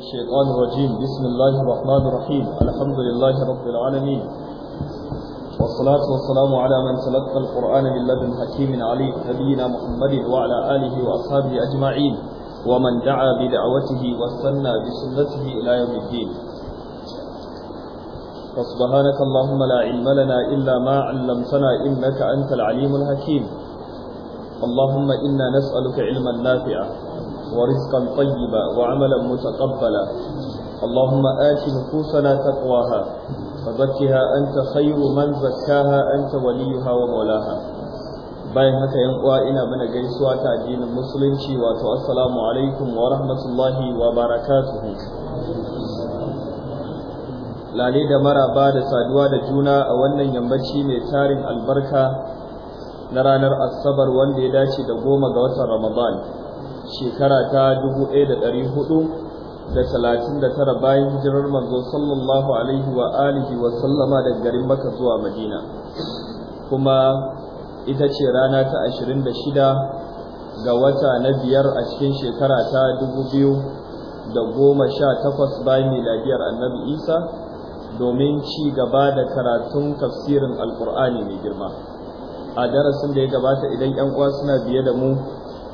الشيطان الرجيم بسم الله الرحمن الرحيم الحمد لله رب العالمين والصلاة والسلام على من تلقى القرآن من لدن حكيم عليم نبينا محمد وعلى آله وأصحابه أجمعين ومن دعا بدعوته واستنى بسنته إلى يوم الدين فسبحانك اللهم لا علم لنا إلا ما علمتنا إنك أنت العليم الحكيم اللهم إنا نسألك علما نافعا ورزقا طيبا وعملا متقبلا اللهم آت نفوسنا تقواها فزكها أنت خير من زكاها أنت وليها ومولاها bayan haka yan uwa ina mana gaisuwa ta addinin musulunci wato assalamu alaikum wa rahmatullahi wa barakatuhu lale da maraba da saduwa da juna a wannan yammaci mai tarin albarka na ranar asabar wanda ya dace da goma ga watan ramadan shekara ta dubu ɗaya da da da ɗari talatin tara, bayan hijirar manzo sallallahu alaihi wa alihi wa sallama daga garin maka zuwa Madina kuma ita ce rana ta ashirin da shida ga wata na biyar a cikin shekara ta dubu biyu da goma sha takwas bayan miladiyar Annabi Isa domin ci gaba da karatun tafsirin Alkur'ani mai girma a darasin da ya gabata idan 'yan uwa suna biye da mu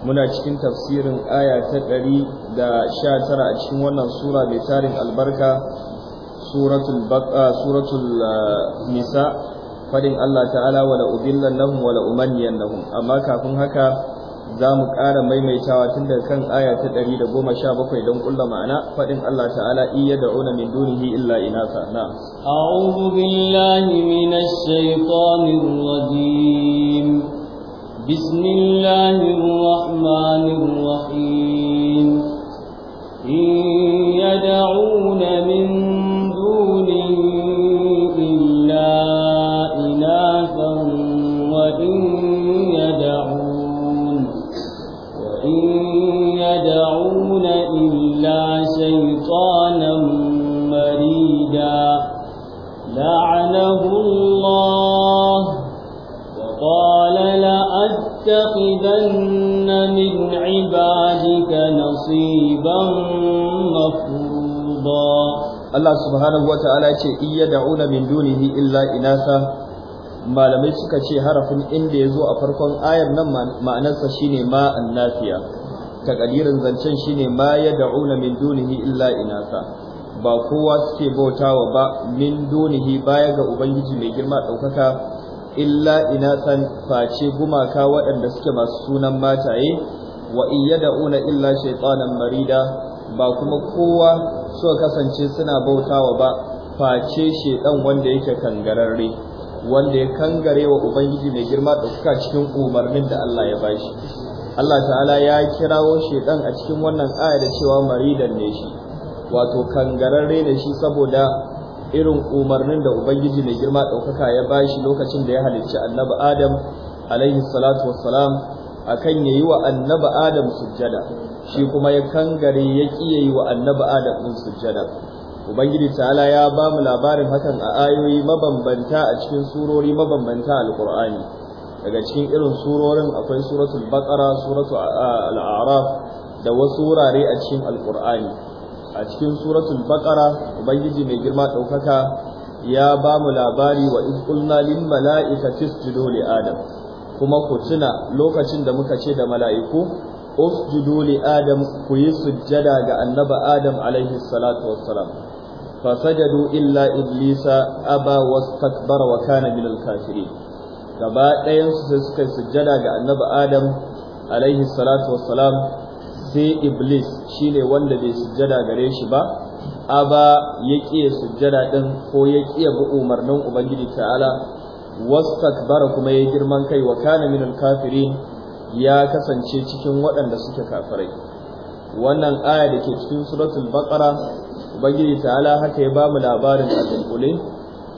muna cikin tafsirin aya ta ɗari da sha tara a cikin wannan sura mai tarin albarka suratul eh, nisa fadin Allah ta'ala wala ubillannahum wala umanniyannahum amma kafin haka za mu ƙara maimaitawa tun daga kan aya ta ɗari da goma sha bakwai don ƙulla ma'ana faɗin Allah ta'ala iya da ona min dunihi illa inasa na a'udhu billahi minash shaitanir rajim بسم الله الرحمن الرحيم إن يدعون من لَأَتَّخِذَنَّ مِنْ عِبَادِكَ نَصِيبًا مَفْرُوضًا Allah subhanahu wata'ala ce iya da'una min dunihi illa inasa malamai suka ce harafin inda zo a farkon ayar nan ma'anarsa shine ma annafiya takadirin zancen shine ma ya da'una min dunihi illa inasa ba kowa suke bautawa ba min dunihi baya ga ubangiji mai girma ɗaukaka. illa Ina San face gumaka waɗanda suke masu sunan mataye wa una illa shaytanan marida ba kuma kowa so kasance suna bautawa ba face shaidan wanda yake kangararre wanda ya kangare wa ubangiji mai girma da suka cikin umarnin da Allah ya bashi Allah ta'ala ya kirawo shedan a cikin wannan aya da cewa maridan ne shi wato kangararre ne shi saboda irin umarnin da ubangiji mai girma ɗaukaka ya ba shi lokacin da ya halicci annabi adam alaihi salatu wassalam akan yayi wa annabi adam sujjada shi kuma ya kangare ya yi wa annabi adam din sujjada ubangiji ta'ala ya ba mu labarin hakan a ayoyi mabambanta a cikin surori mabambanta Alƙur'ani, daga cikin irin surorin akwai suratul baqara suratul a'raf da wasu wurare a cikin Alƙur'ani. a cikin suratul baqara ubangiji mai girma ɗaukaka ya ba mu labari wa iz qulna lil mala'ikati isjudu li adam kuma ku tuna lokacin da muka ce da mala'iku usjudu li adam ku yi sujjada ga annaba adam alaihi salatu wassalam sajadu illa iblisa aba wastakbara wa kana minal kafirin gaba ɗayan su suka sujjada ga annaba adam alaihi salatu wassalam sai iblis shine wanda bai sujjada gare shi ba aba yake sujjada ɗin ko yake bi umarnin ubangiji ta'ala wastakbara kuma ya girman kai wa kana kafirin ya kasance cikin waɗanda suke kafirai wannan aya da ke cikin suratul bakara, ubangiji ta'ala haka ya bamu labarin a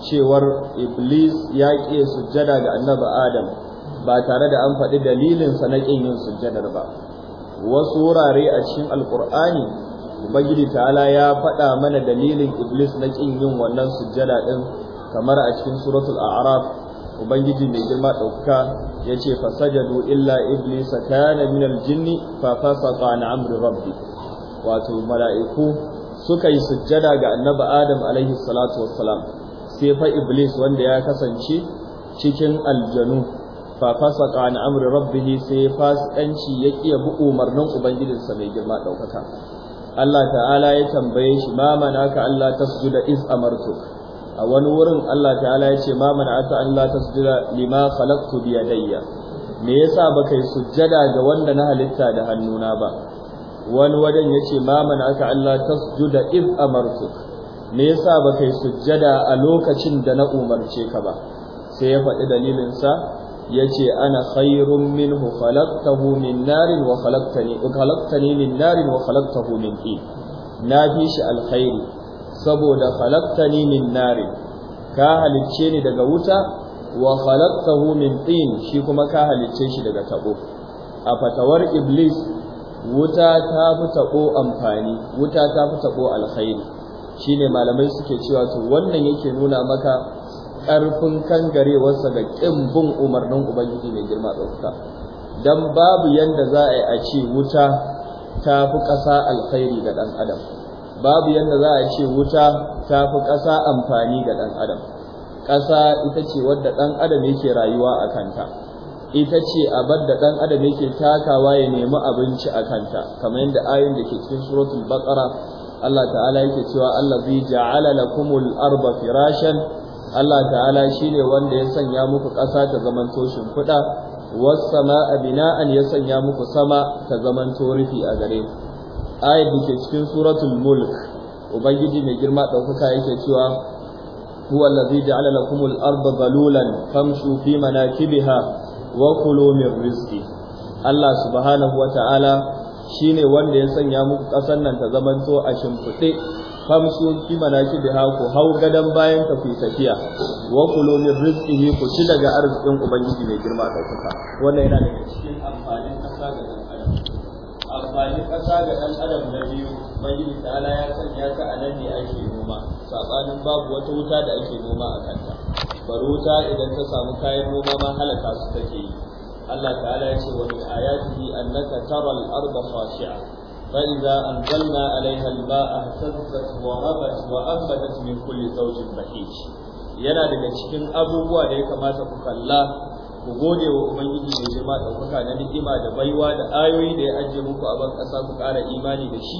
cewar iblis ya ƙi sujjada ga annabi adam ba tare da an faɗi dalilinsa na ƙin yin sujjadar ba wasu wurare a cikin alkur'ani ubangiji ta'ala ya faɗa mana dalilin iblis na ƙin yin wannan sujjada ɗin kamar a cikin suratul a'raf ubangiji mai girma ɗauka ya ce fasajadu illa iblis kana min aljinni fa fasaqa an amri rabbi wato mala'iku suka yi sujjada ga annabi adam alaihi salatu wassalam sai fa iblis wanda ya kasance cikin aljanu fa fasaka an amri rabbih sai fasikanci ya kiya bu umarnin ubangijinsa mai girma daukaka Allah ta'ala ya tambaye shi ma manaka Allah tasjuda iz amartu a wani wurin Allah ta'ala ya ce ma manaka Allah tasjuda lima khalaqtu bi yadayya me yasa baka yi sujjada ga wanda na halitta da hannuna ba wani wajen ce ma manaka Allah tasjuda iz amartu me yasa baka yi sujjada a lokacin da na umarce ka ba sai ya faɗi dalilinsa yace ana khairun minhu khalaqtahu min narin wa khalaqtani khalaqtani min narin wa khalaqtahu min tin na fi shi alkhairi saboda khalaqtani min narin ka halicce ni daga wuta wa khalaqtahu min tin shi kuma ka halicce shi daga tabo a fatawar iblis wuta ta fi tabo amfani wuta ta fi tabo alkhairi shine malamai suke cewa to wannan yake nuna maka ƙarfin kangarewarsa ga ƙin bin umarnin ubangiji mai girma ɗauka don babu yanda za a yi a ce wuta ta fi ƙasa alkhairi ga ɗan adam babu yadda za a ce wuta ta fi ƙasa amfani ga ɗan adam ƙasa ita ce wadda ɗan adam yake rayuwa a kanta ita ce abar da ɗan adam yake takawa ya nemi abinci a kanta kamar yadda ayin da ke cikin suratul baƙara. Allah ta'ala yake cewa Allah zai ja'ala lakumul arba firashan Allah ta'ala shi ne wanda ya sanya muku ƙasa ta zaman toshin fuda, wasu bina'an ya sanya muku sama ta zamanto rufi a gare ayat da ke cikin suratul mulk ubangiji mai girma ɗaukaka yake cewa huwa allazi ja'ala lakumul arda zalulan famshu fi manakibiha wa kulu min rizqi Allah subhanahu wa ta'ala shine wanda ya sanya muku ƙasar nan ta zamanto a shimfiɗe na shi da ku hau gadan bayan ka fi tafiya wa kulu min rizqihi ku ci daga arzikin ubangiji mai girma da kuka wannan yana daga cikin amfanin kasa ga dan adam amfanin kasa ga dan adam na biyu ubangiji ta'ala ya sanya ta a nan ne ake noma sabanin babu wata wuta da ake noma a kanta bari wuta idan ta samu kayan noma ma halaka su take yi Allah ta'ala ya ce wa min ayatihi annaka taral arda khashi'a فإذا أنزلنا عليها الماء اهتزت وهبت وأنبتت من كل زوج بهيج yana daga cikin abubuwa da ya kamata ku kalla ku gode wa ubangiji mai girma kuka na ni'ima da baiwa da ayoyi da ya ajiye muku a ban ƙasa ku ƙara imani da shi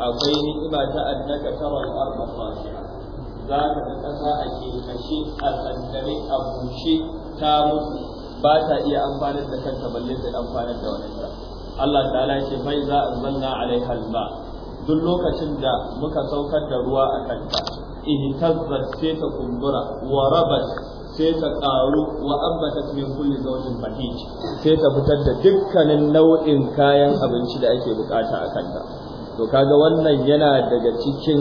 akwai ni'ima ta annaka tawal arba fasiha za ka ga ƙasa a ke kashe a tsandare a bushe ta mutu ba ta iya amfanar da kanta balle ta amfanar da wani Allah Ta ya ce bai za a zanna alaiha ba. duk lokacin da muka saukar da ruwa a kanta tazzar sai ta kumbura wa rabat sai ta karu wa ta min kulli zawjin bahij sai ta fitar da dukkanin nau'in kayan abinci da ake bukata a kanta to kaga wannan yana daga cikin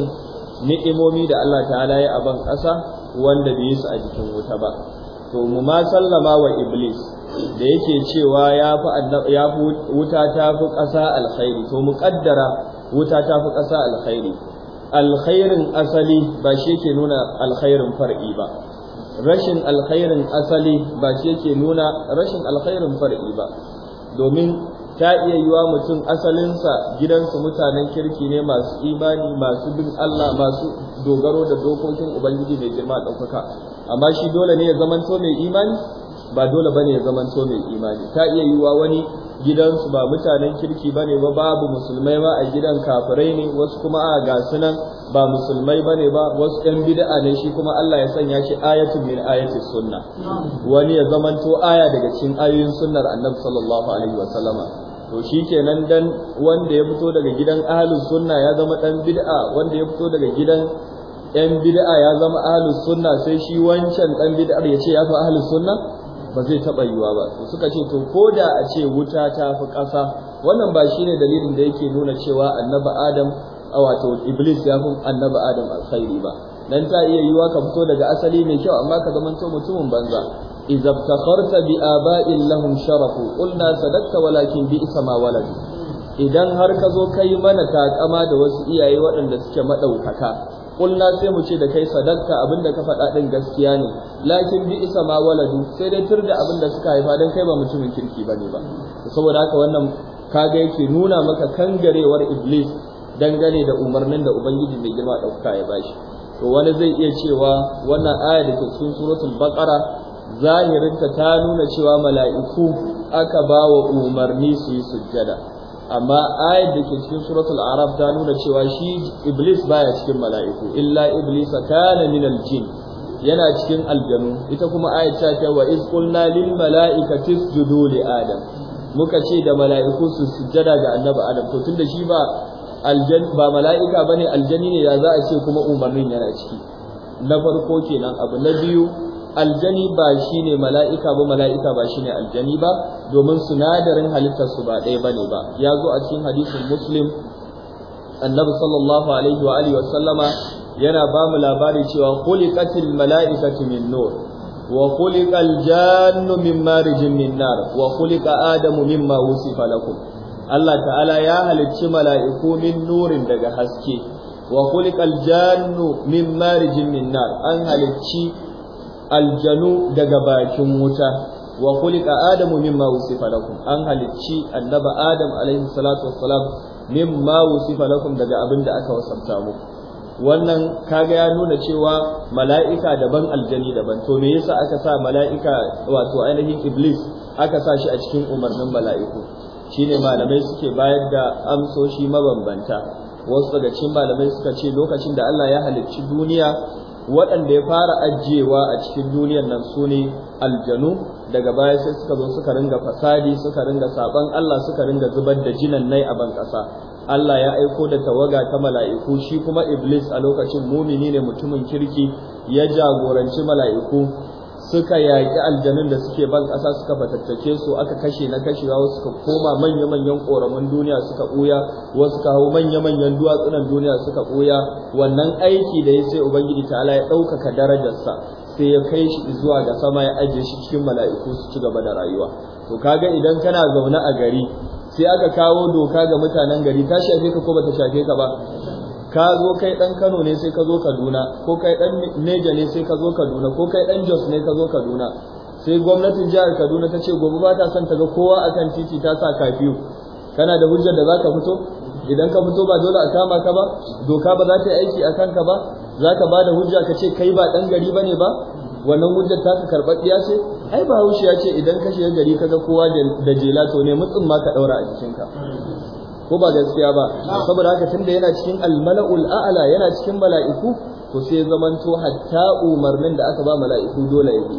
ni'imomi da Allah ta'ala ya aban ƙasa wanda bai yi su a jikin wuta ba to mu ma sallama wa iblis da yake cewa ya fi wuta ta fi ƙasa alkhairi to mu ƙaddara wuta ta fi ƙasa alkhairi alkhairin asali ba shi yake nuna alkhairin far'i ba rashin alkhairin asali ba shi yake nuna rashin alkhairin far'i ba domin ta iya yiwa mutum asalinsa gidansa mutanen kirki ne masu imani masu bin Allah masu dogaro da dokokin Ubangiji mai girma ɗaukaka amma shi dole ne ya zamanto mai imani ba dole bane ya to mai imani ta iya wa wani gidansu ba mutanen kirki bane ba babu musulmai ba a gidan kafirai ne wasu kuma a gasu nan ba musulmai bane ba wasu ɗan bid'a ne shi kuma Allah ya sanya shi ayatu min ayati sunna wani ya to aya daga cikin ayoyin sunnar Annabi sallallahu alaihi wa sallama to shikenan dan wanda ya fito daga gidan ahlus sunna ya zama dan bid'a wanda ya fito daga gidan yan bid'a ya zama ahlus sunna sai shi wancan dan bid'ar ya ce ya fi ahlus sunna ba zai taɓa yiwuwa ba suka ce to ko da a ce wuta ta fi ƙasa wannan ba shi ne dalilin da yake nuna cewa annaba adam a wato iblis ya fi annaba adam alkhairi ba Nan ta iya yiwuwa ka fito daga asali mai kyau amma ka zama mutumin banza idza btakharta bi aba'in lahum sharafu qulna sadaqta walakin bi isma walad idan har ka zo kai mana takama da wasu iyaye waɗanda suke madaukaka kulna sai mu ce da kai abin abinda ka faɗa din gaskiya ne lakin bi isa ma waladu sai dai tur da abinda suka haifa dan kai ba mutumin kirki bane ba saboda haka wannan kaga yake nuna maka kangarewar iblis dangane da umarnin da ubangiji mai girma dauka ya bashi to wani zai iya cewa wannan aya da ke cikin suratul baqara zahirinta ta nuna cewa mala'iku aka ba wa umarni su yi sujjada amma ayat da ke cikin suratul arab ta nuna cewa shi iblis baya cikin mala'iku illa iblis kana min aljin yana cikin aljanu ita kuma ayat ta ce wa iz qulna lil mala'ikati isjudu li adam muka ce da mala'iku su sujjada ga annabi adam to tunda shi ba aljan ba mala'ika bane aljani ne ya za a ce kuma umarnin yana ciki na farko kenan abu na biyu aljani ba shine mala'ika ba mala'ika ba shine aljani ba domin sinadarin halittar su ba ɗaya bane ba ya zo a cikin hadisin muslim annabi sallallahu alaihi wa alihi wa sallama yana ba mu labari cewa khuliqatil mala'ikatu min nur wa khuliqal jannu min marijin min nar wa khuliqa adamu ma wusifa lakum Allah ta'ala ya halicci mala'iku min nurin daga haske wa khuliqal jannu min marijin min nar an halicci aljanu daga bakin wuta wa khuliqa adamu mimma wusifa lakum an halicci annaba adam alaihi salatu wassalam mimma wusifa lakum daga abin da aka wasanta muku wannan kaga ya nuna cewa mala'ika daban aljani daban to me yasa aka sa mala'ika wato ainihin iblis aka sa shi a cikin umarnin mala'iku shine malamai suke bayar da amsoshi mabambanta wasu daga cikin malamai suka ce lokacin da Allah ya halicci duniya waɗanda ya fara ajiyewa a cikin duniyar nan su ne aljanu daga baya sai suka zo suka ringa fasadi suka ringa saban Allah suka ringa zubar da jinan nai a ban ƙasa Allah ya aiko da tawaga ta mala'iku shi kuma iblis a lokacin mumini ne mutumin kirki ya jagoranci mala'iku suka yaƙi aljanun da suke ban ƙasa suka fatattake su aka kashe na kashewa wasu suka koma manya-manyan ƙoramin duniya suka ɓuya wasu kawo manya-manyan duwatsunan duniya suka ɓuya wannan aiki da ya sai ubangiji ala ya ɗaukaka darajarsa sai ya kai shi zuwa ga sama ya ajiye shi cikin mala'iku su ci gaba da rayuwa to kaga idan kana zaune a gari sai aka kawo doka ga mutanen gari ta shafe ka ko bata shafe ka ba ka zo kai dan Kano ne sai ka zo Kaduna ko kai dan Neja ne sai ka zo Kaduna ko kai dan Jos ne ka zo Kaduna sai gwamnatin jihar Kaduna ta ce gobe ba ta son ta ga kowa akan titi ta sa kafiyu kana da hujjar da zaka fito idan ka fito ba dole a kama ka ba doka ba za ta yi aiki a kanka ba za ka ba da hujja ka ce kai ba dan gari bane ba wannan hujjar ta ka ɗiya ce ai ba ya ce idan ka shiga gari ga kowa da jela to ne mutsin ma ka ɗaura a jikinka ko ba gaskiya ba saboda haka tunda yana cikin almala'ul a'la yana cikin mala'iku to sai zamanto hatta umarnin da aka ba mala'iku dole ya bi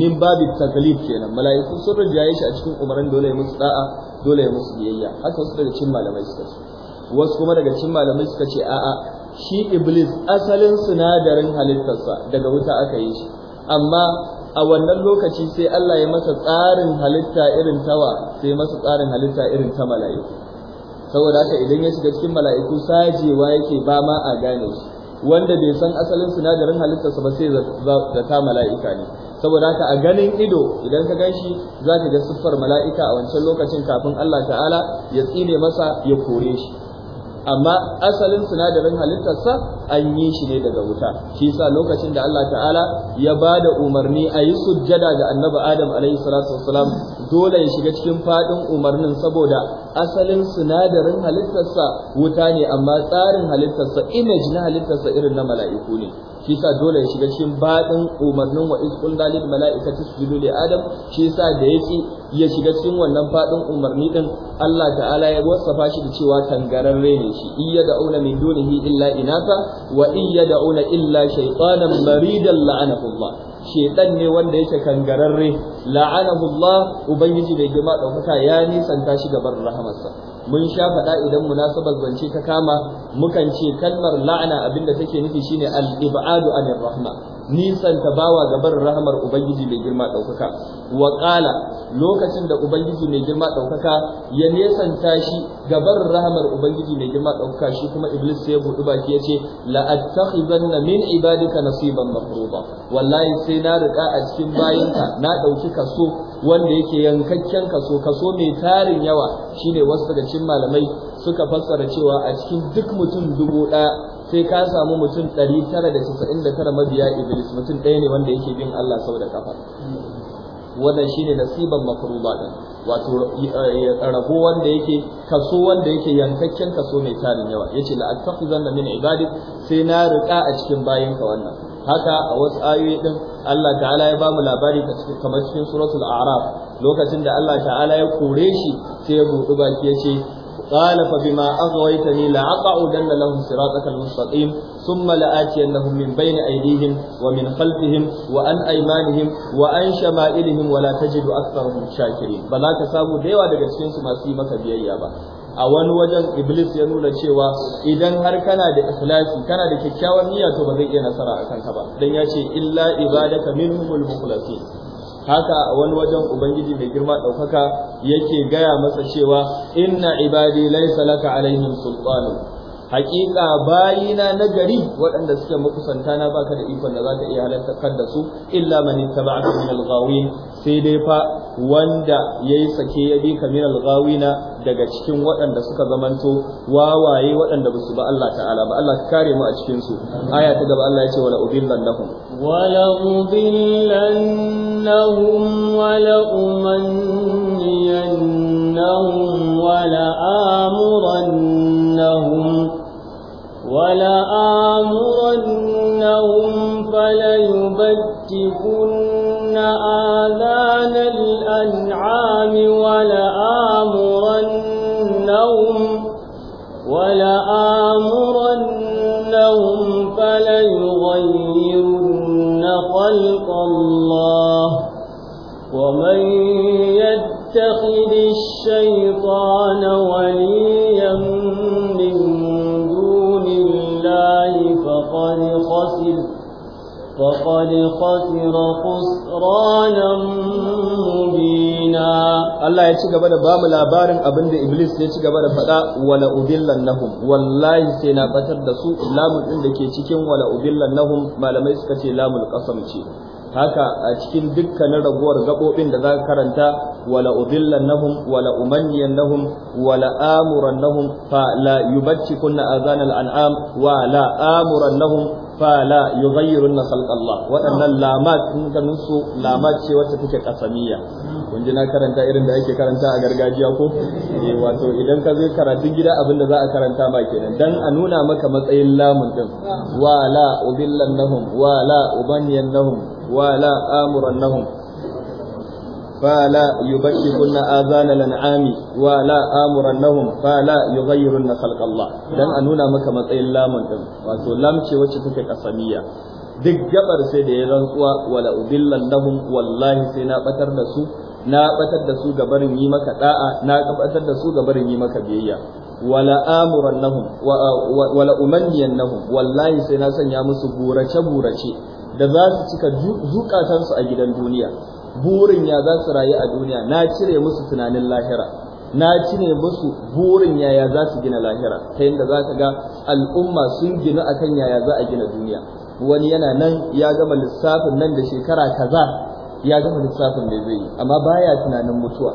min babi taklif kenan mala'iku sun rijaye shi a cikin umarnin dole ya musu da'a dole ya musu biyayya haka wasu daga cikin malamai suka ce wasu kuma daga cikin malamai suka ce a'a shi iblis asalin sinadarin halittarsa daga wuta aka yi shi amma a wannan lokaci sai Allah ya masa tsarin halitta irin tawa sai masa tsarin halitta irin ta mala'iku saboda haka idan ya shiga cikin mala'iku sajewa yake ba ma a gane shi wanda bai san asalin sinadarin halittarsa ba sai zata mala'ika ne saboda haka a ganin ido idan ka ganshi za ka ga siffar mala'ika a wancan lokacin kafin Allah ta'ala ya tsine masa ya kore shi amma asalin sinadarin halittarsa an yi shi ne daga wuta shi yasa lokacin da Allah ta'ala ya ba da umarni a yi sujjada ga annabi Adam alaihi salatu wassalam dole ya shiga cikin faɗin umarnin saboda asalin sinadarin halittarsa wuta ne amma tsarin halittarsa image na halittarsa irin na mala'iku ne shi yasa dole ya shiga cikin baɗin umarnin wa iz qulna lil malaikati isjudu li adam shi yasa da yake ya shiga cikin wannan faɗin umarni din Allah ta'ala ya wasafa shi da cewa tangararre ne shi da da'una min dunihi illa inata, wa da da'una illa shaytanan maridan Allah shaytan ne wanda yake kangararre Allah ubangiji da girma daukaka ya nisanta shi gaban rahamarsa mun sha faɗa idan munasabar zance ta kama mukan ce kalmar la'ana abinda take nufi shine al-ib'adu anir rahma Nisan nisanta bawa gabar rahamar ubangiji mai girma ɗaukaka wa ƙala lokacin da ubangiji mai girma ɗaukaka ya nesanta shi gabar rahamar ubangiji mai girma ɗaukaka shi kuma iblis sai ya buɗi baki ya ce la'attakhidanna min ibadika nasiban mafruḍa wallahi sai na rika a cikin bayinka na ɗauki kaso wanda yake yankakken kaso kaso mai tarin yawa shine wasu daga cikin malamai suka fassara cewa a cikin duk mutum dubu ɗaya sai ka samu mutum 999 mabiya iblis mutum ɗaya ne wanda yake bin Allah sau da kafa wannan shine nasiban makruba da wato eh, rabo wanda yake kaso wanda yake yankakken kaso mai tarin yawa yace la attakhizanna min ibadik sai na riƙa a cikin bayinka wannan haka a wasu ayoyi din Allah ta'ala ya bamu labari kamar cikin suratul a'raf lokacin da Allah ta'ala ya kore shi sai ya buɗi baki yace قال فبما أغويتني لأقعدن لهم صراطك المستقيم ثم لآتينهم من بين أيديهم ومن خلفهم وعن أيمانهم وعن شمائلهم ولا تجد أكثرهم شاكرين بلا da ديوا daga cikin su masu maka biyayya ba a wani wajen iblis ya nuna cewa idan har kana da ikhlasi kana da kyakkyawar niyya to ba zai iya nasara akan ka ba dan ya ce illa ibadaka minhumul mukhlasin haka a wani wajen ubangiji mai girma ɗaukaka yake gaya masa cewa inna ibadi laysa laka alaihim sultanu haƙiƙa bayina na gari waɗanda suke makusanta na baka da ikon da za ka iya halartar da su illa man ittaba'aka min al-ghawin sai dai fa wanda yayi sake ya bi ka min al-ghawina daga cikin waɗanda suka zamanto wawaye waɗanda ba su ba Allah ta'ala ba Allah ka kare mu a cikin su aya ta gaba Allah ya ce wala udillannahum wala udillannahum wala umanniyannahum wala amurannahum ولآمرنهم فليبتكن آذان الأنعام ولآمرنهم ولآمرنهم فليغيرن خلق الله ومن يتخذ الشيطان وليه فقد خسر ya ci gaba da bamu labarin abin da Iblis ya ci gaba da faɗa wala udillannahum wallahi sai na batar da su lamun din da ke cikin wala udillannahum malamai suka ce lamul qasam haka a cikin dukkanin raguwar gaɓoɓin da za ka karanta wala udillannahum wala umanniyannahum wala amurannahum fa la kunna azanal an'am wa la amurannahum fala yughayyirun khalqallah waɗannan lamat in ka nusu lamat ce wacce take kasamiya kun ji na karanta irin da ake karanta a gargajiya ko eh wato idan ka zo karatun gida abin da za a karanta ma kenan dan a nuna maka matsayin lamun din wala udillannahum wala ubanniyannahum ولا آمرنهم فلا يبشرن آذان الأنعام ولا آمرنهم فلا يغيرن خلق الله dan a nuna maka matsayin lamun din wato lam ce duk gabar sai da ya rantsuwa wala udillannahum wallahi sai na batar da su na batar da su ga barin yi maka da'a na batar da su ga barin yi maka biyayya wala amurannahum wala wallahi sai na sanya musu burace burace da za su cika zukatansu a gidan duniya burin ya za su rayu a duniya na cire musu tunanin lahira na cire musu burin yaya za su gina lahira ta yadda za ka ga al'umma sun ginu kan yaya za a gina duniya wani yana nan ya gama lissafin nan da shekara kaza ya gama lissafin da zai yi amma baya tunanin mutuwa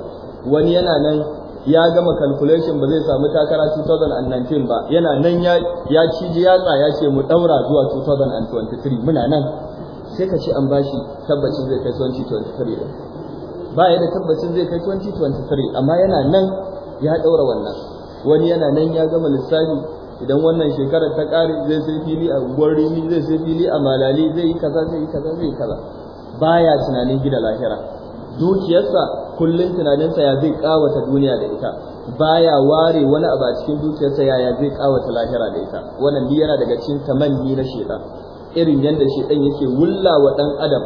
wani yana nan ya gama calculation ba zai samu takara 2019 ba yana nan ya ya ciji ya tsaya ce mu daura zuwa 2023 muna nan sai ka ce an bashi tabbacin zai kai 2023 ba ya da tabbacin zai kai 2023 amma yana nan ya daura wannan wani yana nan ya gama lissafi idan wannan shekarar ta kare zai sai fili a rimi zai sai fili a malali zai yi kaza zai yi kaza zai yi kaza baya tunanin gida lahira dukiyarsa kullum tunaninsa ya zai kawata duniya da ita baya ware wani abu a cikin dukiyarsa yaya zai kawata lahira da ita wannan yana daga cikin tamanni na shekara irin yadda ɗan yake wulla wa dan adam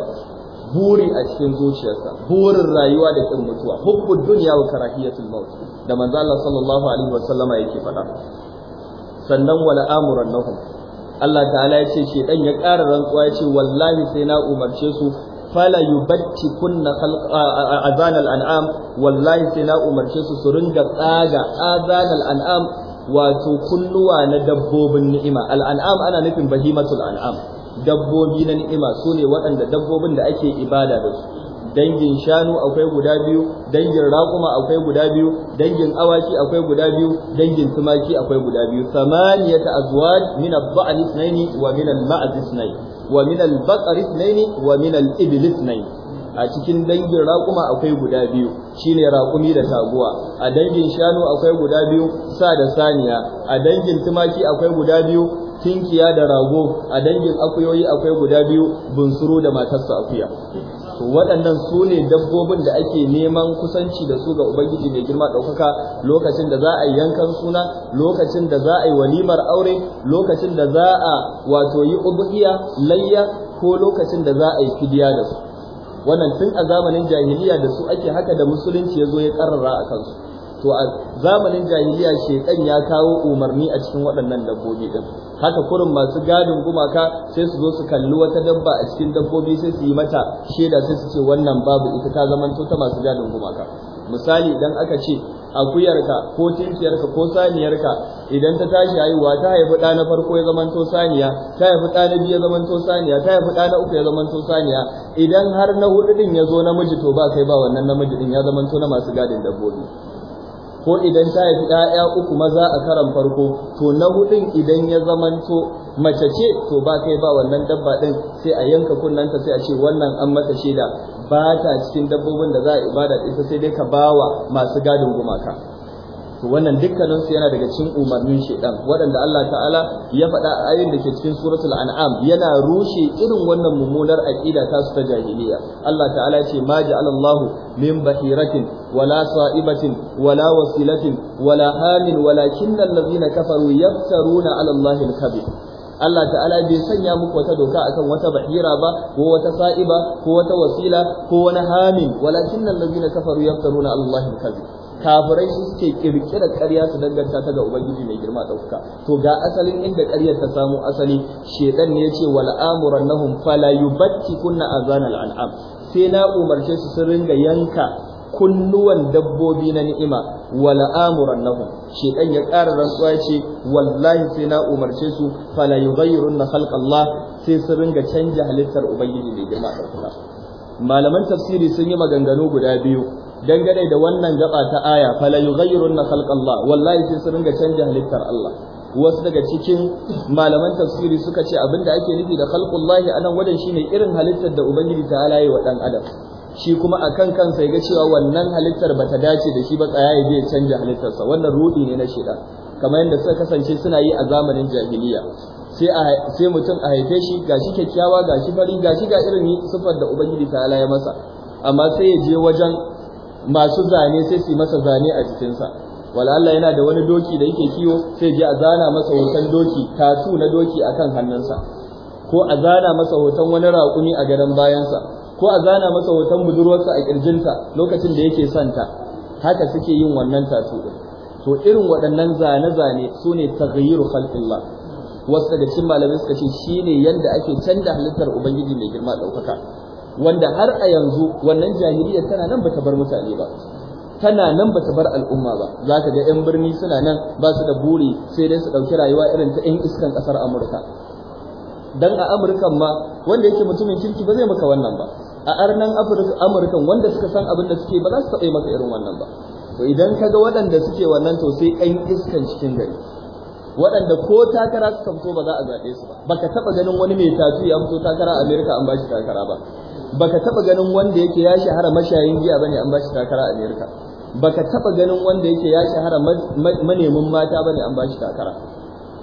buri a cikin zuciyarsa burin rayuwa da kin mutuwa hubbu dunya wa karahiyatul maut da manzo Allah sallallahu alaihi sallama yake faɗa sannan wala amuran nahum Allah ta'ala ya ce shedan ya ƙara rantsuwa ya ce wallahi sai na umarce su fala yubatti kunna azanal an'am wallahi sai na umarce su su ringa tsaga azanal al'am, wato kunnuwa na dabbobin ni'ima Al'am ana nufin bahimatul an'am dabbobi na ni'ima su ne waɗanda dabbobin da ake ibada da su dangin shanu akwai guda biyu dangin raƙuma akwai guda biyu dangin awaki akwai guda biyu dangin tumaki akwai guda biyu samaniyata azwaj min mina dhan ithnayn wa min al nai, wa min al-baqar wa min al nai. a cikin dangin raƙuma akwai guda biyu shine raƙumi da taguwa a dangin shanu akwai guda biyu sa da saniya a dangin tumaki akwai guda biyu tinkiya da rago a dangin akuyoyi akwai guda biyu bunsuru da matarsa akuya to waɗannan su ne dabbobin da ake neman kusanci da su ga ubangiji mai girma ɗaukaka lokacin da za a yi yankan suna lokacin da za a yi walimar aure lokacin da za a wato yi ubuhiya layya ko lokacin da za a yi fidiya da su wannan tun a zamanin jahiliya da su ake haka da musulunci ya zo ya karrara a kansu to a zamanin jahiliya shekan ya kawo umarni a cikin waɗannan dabbobi din haka kurin masu gadin gumaka sai su zo su kalli wata dabba a cikin dabbobi sai su yi mata shaida sai su ce wannan babu ita ta to ta masu gadin gumaka misali idan aka ce akuyarka ko tinkiyarka ko saniyarka idan ta tashi haihuwa ta haifi ɗa na farko ya to saniya ta haifi ɗa na biyu ya to saniya ta haifi ɗa na uku ya to saniya idan har na hudu din ya zo namiji to ba kai ba wannan namiji din ya zamanto na masu gadin dabbobi ko idan ta haifi ‘ya'ya uku maza a karan farko to na hudun idan ya zamanto mace ce to ba kai ba wannan dabba ɗin sai a yanka kunnanta sai a ce wannan an mata shaida ba ta cikin dabbobin da za a ibada ita sai dai ka bawa masu gadin gumaka to wannan dukkaninsu yana daga cikin umarnin shaidan waɗanda Allah ta'ala ya faɗa a ayin da ke cikin suratul an'am yana rushe irin wannan mummunar aqida ta su ta jahiliya Allah ta'ala ya ce ma ja'alallahu min bahiratin wala sa'ibatin wala wasilatin wala hamin walakinna allazina kafaru yaftaruna 'ala allahi al-kadhib Allah ta'ala bai sanya muku wata doka akan wata bahira ba ko wata sa'iba ko wata wasila ko wani hamin walakin allazina kafaru yaftaruna 'ala allahi al-kadhib kafirai su suke kirkira ƙarya su danganta ta ga ubangiji mai girma ɗauka to ga asalin inda ƙaryar ta samu asali shedan ne yace wal amurannahum fala yubtikunna azan al an'am sai na umarce su sun ringa yanka kunnuwan dabbobi na ni'ima wala amurannahum shedan ya ƙara rantsuwa yace wallahi sai na umarce su fala yughayyirunna khalqallah sai su ringa canja halittar ubangiji mai girma ɗauka malaman tafsiri sun yi maganganu guda biyu dangane da wannan gaba ta aya fala yughayyirunna khalqallah wallahi sai su ringa canja halittar Allah wasu daga cikin malaman tafsiri suka ce abinda ake nufi da khalqullahi anan wajen shine irin halittar da ubangiji ta halaye wa dan adam shi kuma akan kansa ga cewa wannan halittar bata dace da shi ba tsaya ya je canja halittarsa wannan rudi ne na shida kamar yadda suka kasance suna yi a zamanin jahiliya sai mutum a haife shi ga shi kyakkyawa ga shi fari ga shi ga irin sifar da ubangiji ta ya masa amma sai ya je wajen masu zane sai su masa zane a jikinsa wala Allah yana da wani doki da yake kiwo sai je a zana masa hoton doki tatu na doki akan hannunsa ko a zana masa hoton wani raƙumi a gadon bayansa ko a zana masa hoton budurwarsa a kirjinta lokacin da yake santa haka suke yin wannan tatu din to irin waɗannan zane-zane su ne taghayyiru khalqillah wasu daga cikin malamai suka ce ne yadda ake canza halittar ubangiji mai girma ɗaukaka wanda har a yanzu wannan jahiliyyar tana nan bata bar mutane ba tana nan bata bar al'umma ba za ka ga 'yan birni suna nan ba su da buri sai dai su ɗauki rayuwa irin ta 'yan iskan ƙasar amurka dan a amurkan ma wanda yake mutumin kirki ba zai maka wannan ba a arnan amurkan wanda suka san abin da suke ba za su taɓa maka irin wannan ba to idan ka ga waɗanda suke wannan to sai ƴan iskan cikin gari waɗanda ko takara suka fito ba za a zaɓe su ba baka taɓa ganin wani mai tatu ya fito takara a amerika an ba shi takara ba baka taba ganin wanda yake ya shahara mashayin giya bane an bashi takara a Amerika baka taba ganin wanda yake ya shahara manemin mata bane an bashi takara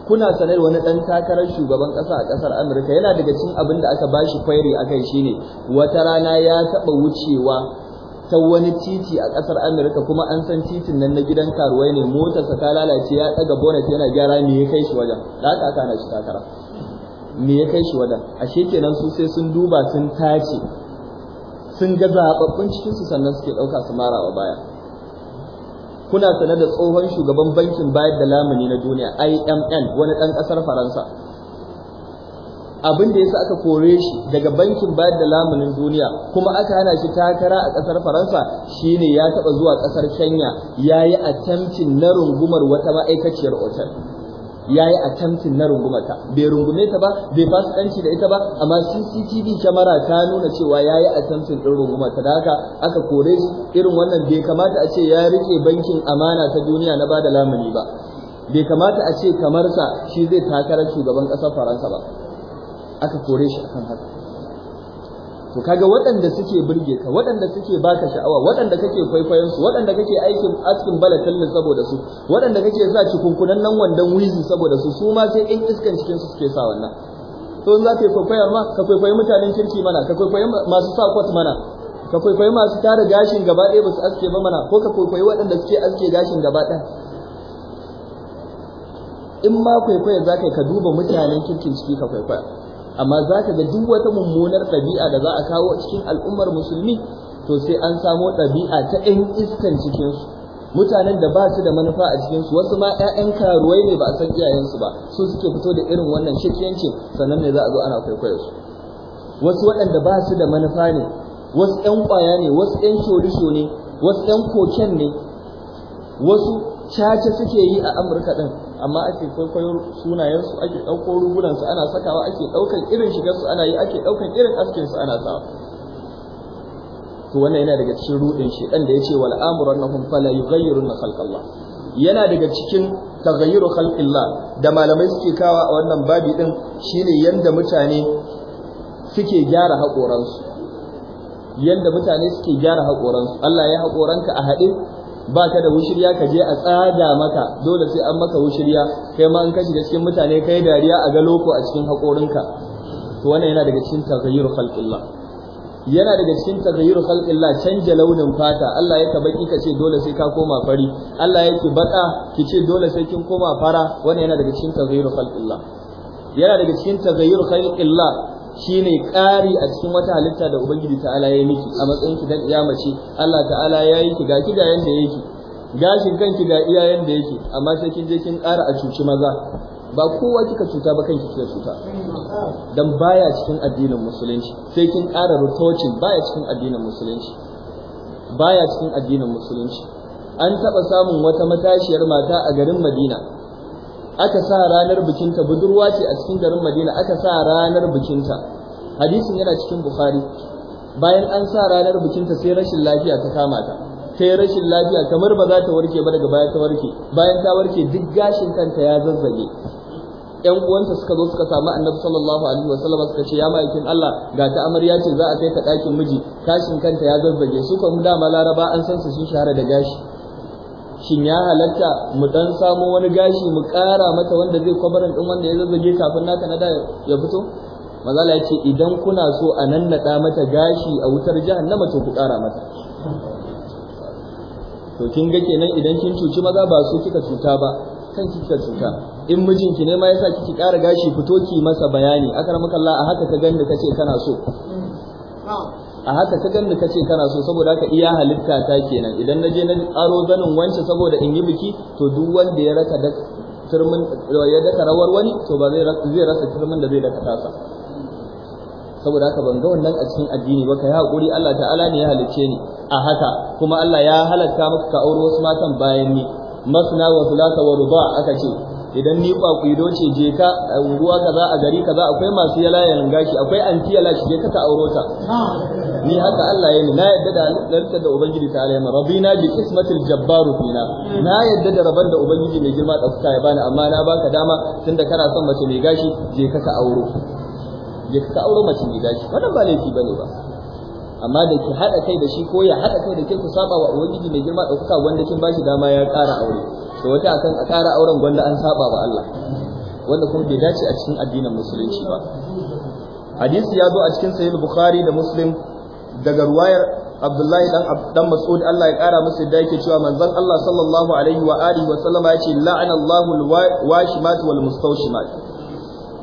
kuna sanar wani dan takarar shugaban kasa a kasar Amurka yana daga cikin abin da aka bashi kwairi akai shine wata rana ya taba wucewa ta wani titi a kasar Amurka kuma an san titin nan na gidan karuwai ne motarsa ta lalace ya daga bonnet yana gyara me ya kai shi wajen da aka kana shi takara me ya kai shi wajen ashe kenan su sai sun duba sun tace sun ga zababbin cikin su sannan suke ɗauka su mara wa baya kuna sane da tsohon shugaban bankin bayar da lamuni na duniya IMN wani ɗan ƙasar Faransa abin da sa aka kore shi daga bankin bayar da lamunin duniya kuma aka hana shi takara a ƙasar Faransa Shi ne ya taɓa zuwa ƙasar Kenya ya yi a attempting na rungumar wata ma'aikaciyar otal yayi attempting na rungumata bai rungume ta ba bai ɗanci da ita ba amma CCTV camera ta nuna cewa yayi attempting ɗin rungumata da haka aka kore shi irin wannan bai kamata a ce ya rike bankin amana ta duniya na bada lamuni ba bai kamata a ce kamar sa shi zai takarar shugaban ƙasar Faransa ba aka kore shi akan haka to kaga waɗanda suke burge ka waɗanda suke baka sha'awa waɗanda kake kwaikwayon su waɗanda kake aikin askin bala tallin saboda su waɗanda kake sa cikunkunan nan wandan wizi saboda su su ma sai in iskan cikin su suke sa wannan to in za ka kwaikwaya ma ka kwaikwayi mutanen kirki mana ka kwaikwayi masu sa kwat mana ka kwaikwayi masu tara gashin gaba ɗaya ba su aske ba mana ko ka kwaikwayi waɗanda suke aske gashin gaba ɗaya in ma kwaikwaya za ka yi ka duba mutanen kirkin ciki ka kwaikwaya amma za ka ga duk wata mummunar ɗabi'a da za a kawo cikin al'ummar musulmi to sai an samo ɗabi'a ta 'yan iskan cikinsu mutanen da ba su da manufa a cikinsu wasu ma 'ya'yan karuwai ne ba a san iyayensu ba su suke fito da irin wannan shekiyancin sannan ne za a zo ana kwaikwayo su wasu waɗanda ba su da manufa ne wasu 'yan ƙwaya ne wasu 'yan shorisho ne wasu 'yan koken ne wasu caca suke yi a amurka ɗin amma ake kwaikwayo sunayensu ake ɗauko rugunansu ana sakawa ake ɗaukan irin shigarsu ana yi ake ɗaukan irin askinsu ana sawa to wannan yana daga cikin rudin ɗan da yace wal yi fala na khalqallah yana daga cikin taghayyuru khalqillah da malamai suke kawa a wannan babi din shine yanda mutane suke gyara haƙoransu yanda mutane suke gyara haƙoransu Allah ya haƙoranka a haɗe ba ka da wushirya ka je a tsada maka dole sai an maka wushirya kai ma an kashi da cikin mutane kai dariya a ga loko a cikin haƙorinka to wannan yana daga cikin taghayyur khalqillah yana daga cikin taghayyur khalqillah canja launin fata Allah yake baki ka ce dole sai ka koma fari Allah yake baka ki ce dole sai kin koma fara wannan yana daga cikin taghayyur khalqillah yana daga cikin taghayyur khalqillah shine ƙari a cikin wata halitta da ubangiji ta'ala ya miki a matsayin ki dan iya mace Allah ta'ala ya yi ki ga ki ga yanda yake gashin kanki ga iyayen da yake amma sai kin je kin ƙara a cuci maza ba kowa kika cuta ba kanki kika cuta dan baya cikin addinin musulunci sai kin ƙara rutocin baya cikin addinin musulunci baya cikin addinin musulunci an taɓa samun wata matashiyar mata a garin Madina aka sa ranar bikinta budurwa ce a cikin garin Madina aka sa ranar bikinta hadisin yana cikin Bukhari bayan an sa ranar bikinta sai rashin lafiya ta kama ta ta rashin lafiya kamar ba za ta warke ba daga baya ta warke bayan ta warke duk gashin kanta ya zazzage yan uwanta suka zo suka samu annabi sallallahu alaihi wasallam suka ce ya ma'aikin Allah ga ta amarya ce za a kai ta dakin miji gashin kanta ya zazzage su kuma dama laraba an san su sun shahara da gashi shin ya halatta mu dan samo wani gashi mu ƙara mata wanda zai kwabarin din wanda ya zazzage kafin naka na da ya fito mazala ya ce idan kuna so a nannaɗa mata gashi a wutar jahannama to ku ƙara mata to kin ga kenan idan kin cuci maza ba su kika cuta ba kan kika cuta in mijinki ne ma yasa kiki ƙara gashi fito ki masa bayani akramaka Allah a haka ka ganni kace kana so hmm. a haka ka ganni ka ce kana so saboda ka iya halitta ta kenan idan na je na aro zanin wance saboda in yi biki to duk wanda ya raka da turmin ya daka rawar wani to ba zai rasa zai rasa turmin da zai daka tasa saboda haka ban ga wannan a cikin addini ba kai hakuri Allah ta'ala ne ya halicce ni a haka kuma Allah ya halatta maka ka aure wasu matan bayan ni masna wa thulatha wa ruba aka ce idan ni kuido ce je ka unguwa kaza a gari kaza akwai masu yala yalan gashi akwai anti yala shi je ka ta auro ta ni haka Allah ya ni na yadda da narkar da ubangiji ta alayhi rabbina bi qismatil jabbaru fina na yadda da rabban da ubangiji mai girma suka ya bani amma na baka dama tunda kana son mace mai gashi je ka ta auro je ka auro mace mai gashi wannan ba laifi bane ba amma da ki haɗa kai da shi ko ya haɗa kai da ke ku saba wa ubangiji mai girma suka wanda kin bashi dama ya ƙara aure so wata akan a ƙara auren gwanda an saba wa Allah wanda kuma bai dace a cikin addinin musulunci ba hadisi ya zo a cikin sahih bukhari da muslim daga ruwayar abdullahi dan dan mas'ud Allah ya ƙara masa yadda yake cewa manzon Allah sallallahu alaihi wa alihi wa sallama yace la'ana Allahu al-washimat wal mustawshimat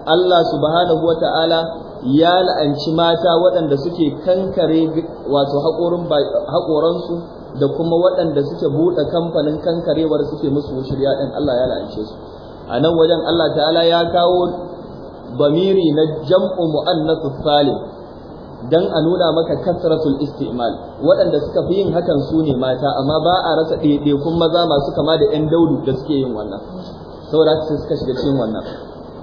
Allah subhanahu wa ta'ala ya la'anci mata waɗanda suke kankare wato haƙoransu da kuma waɗanda suke buɗe kamfanin kankarewar suke musu shirya ɗin Allah ya la'ance su a nan wajen Allah ta'ala ya kawo bamiri na jam'u mu'annasu salim dan a nuna maka kasratul istimal waɗanda suka fi yin hakan su ne mata amma ba a rasa ɗaiɗaikun maza masu kama da ƴan daudu da suke yin wannan saboda su suka shiga cikin wannan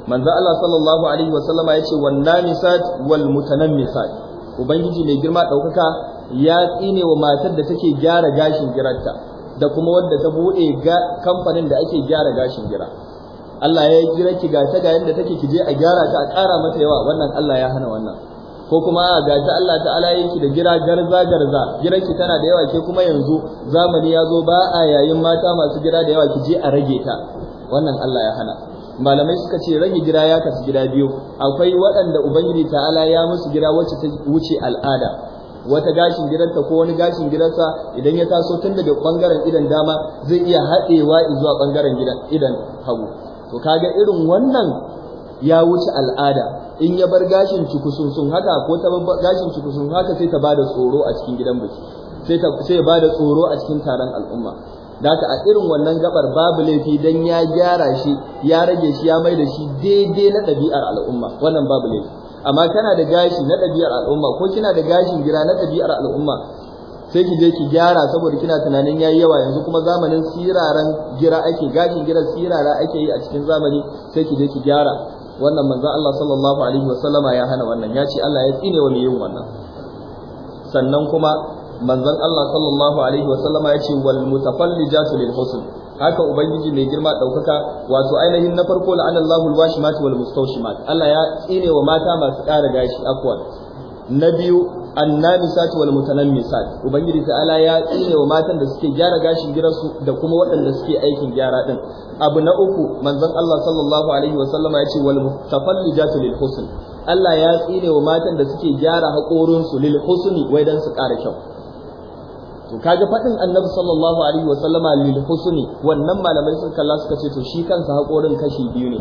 manzo Allah sallallahu alaihi wasallama yace wan namisat wal mutanammisat ubangiji mai girma ɗaukaka ya tsine wa matar da take gyara gashin giranta da kuma wadda ta bude kamfanin da ake gyara gashin gira Allah ya jira ki ga ta ga yanda take ki je a gyara ta a ƙara mata yawa wannan Allah ya hana wannan ko kuma a ga ta Allah ta'ala yake da gira garza garza giranki tana da yawa ke kuma yanzu zamani ya zo ba a yayin mata masu gira da yawa ki je a rage ta wannan Allah ya hana malamai suka ce rage gira ya kasu gida biyu akwai waɗanda ubangiji ta'ala ya musu gira wacce ta wuce al'ada wata gashin gidanta ko wani gashin gidansa idan ya taso tun daga bangaren idan dama zai iya haɗewa zuwa bangaren gidan idan hagu to kaga irin wannan ya wuce al'ada in ya bar gashin sun haka ko ta bar gashin sun haka sai ta bada tsoro a cikin gidan biki sai ta sai bada tsoro a cikin taron al'umma Daka a irin wannan gabar babu laifi dan ya gyara shi ya rage shi ya mai da shi daidai na ɗabi'ar al'umma wannan babu laifi amma kana da gashi na ɗabi'ar al'umma ko kina da gashin gira na ɗabi'ar al'umma sai ki je ki gyara saboda kina tunanin yayi yawa yanzu kuma zamanin siraran gira ake gashin gira sirara ake yi a cikin zamani sai ki je ki gyara wannan manzo Allah sallallahu alaihi wasallama ya hana wannan ya ce Allah ya tsine wani yin wannan sannan kuma manzon Allah sallallahu alaihi wasallama ya ce wal mutafallijatu lil husn haka ubangiji mai girma ɗaukaka, wato ainihin na farko la'ana Allahu alwashimat wal mustawshimat Allah ya tsine wa mata masu ƙara gashi akwa na biyu annabisat wal mutanammisat ubangiji ta'ala ya tsine wa matan da suke gyara gashin gidansu da kuma waɗanda suke aikin gyara din abu na uku manzon Allah sallallahu alaihi wa sallama ya ce wal mutafallijat lil husn Allah ya tsine wa matan da suke gyara haƙorinsu lil husni wai dan su ƙara kyau to kaga fadin annabi sallallahu alaihi wa sallama lil husni wannan malamai sun kalla suka ce to shi kansa haƙorin kashi biyu ne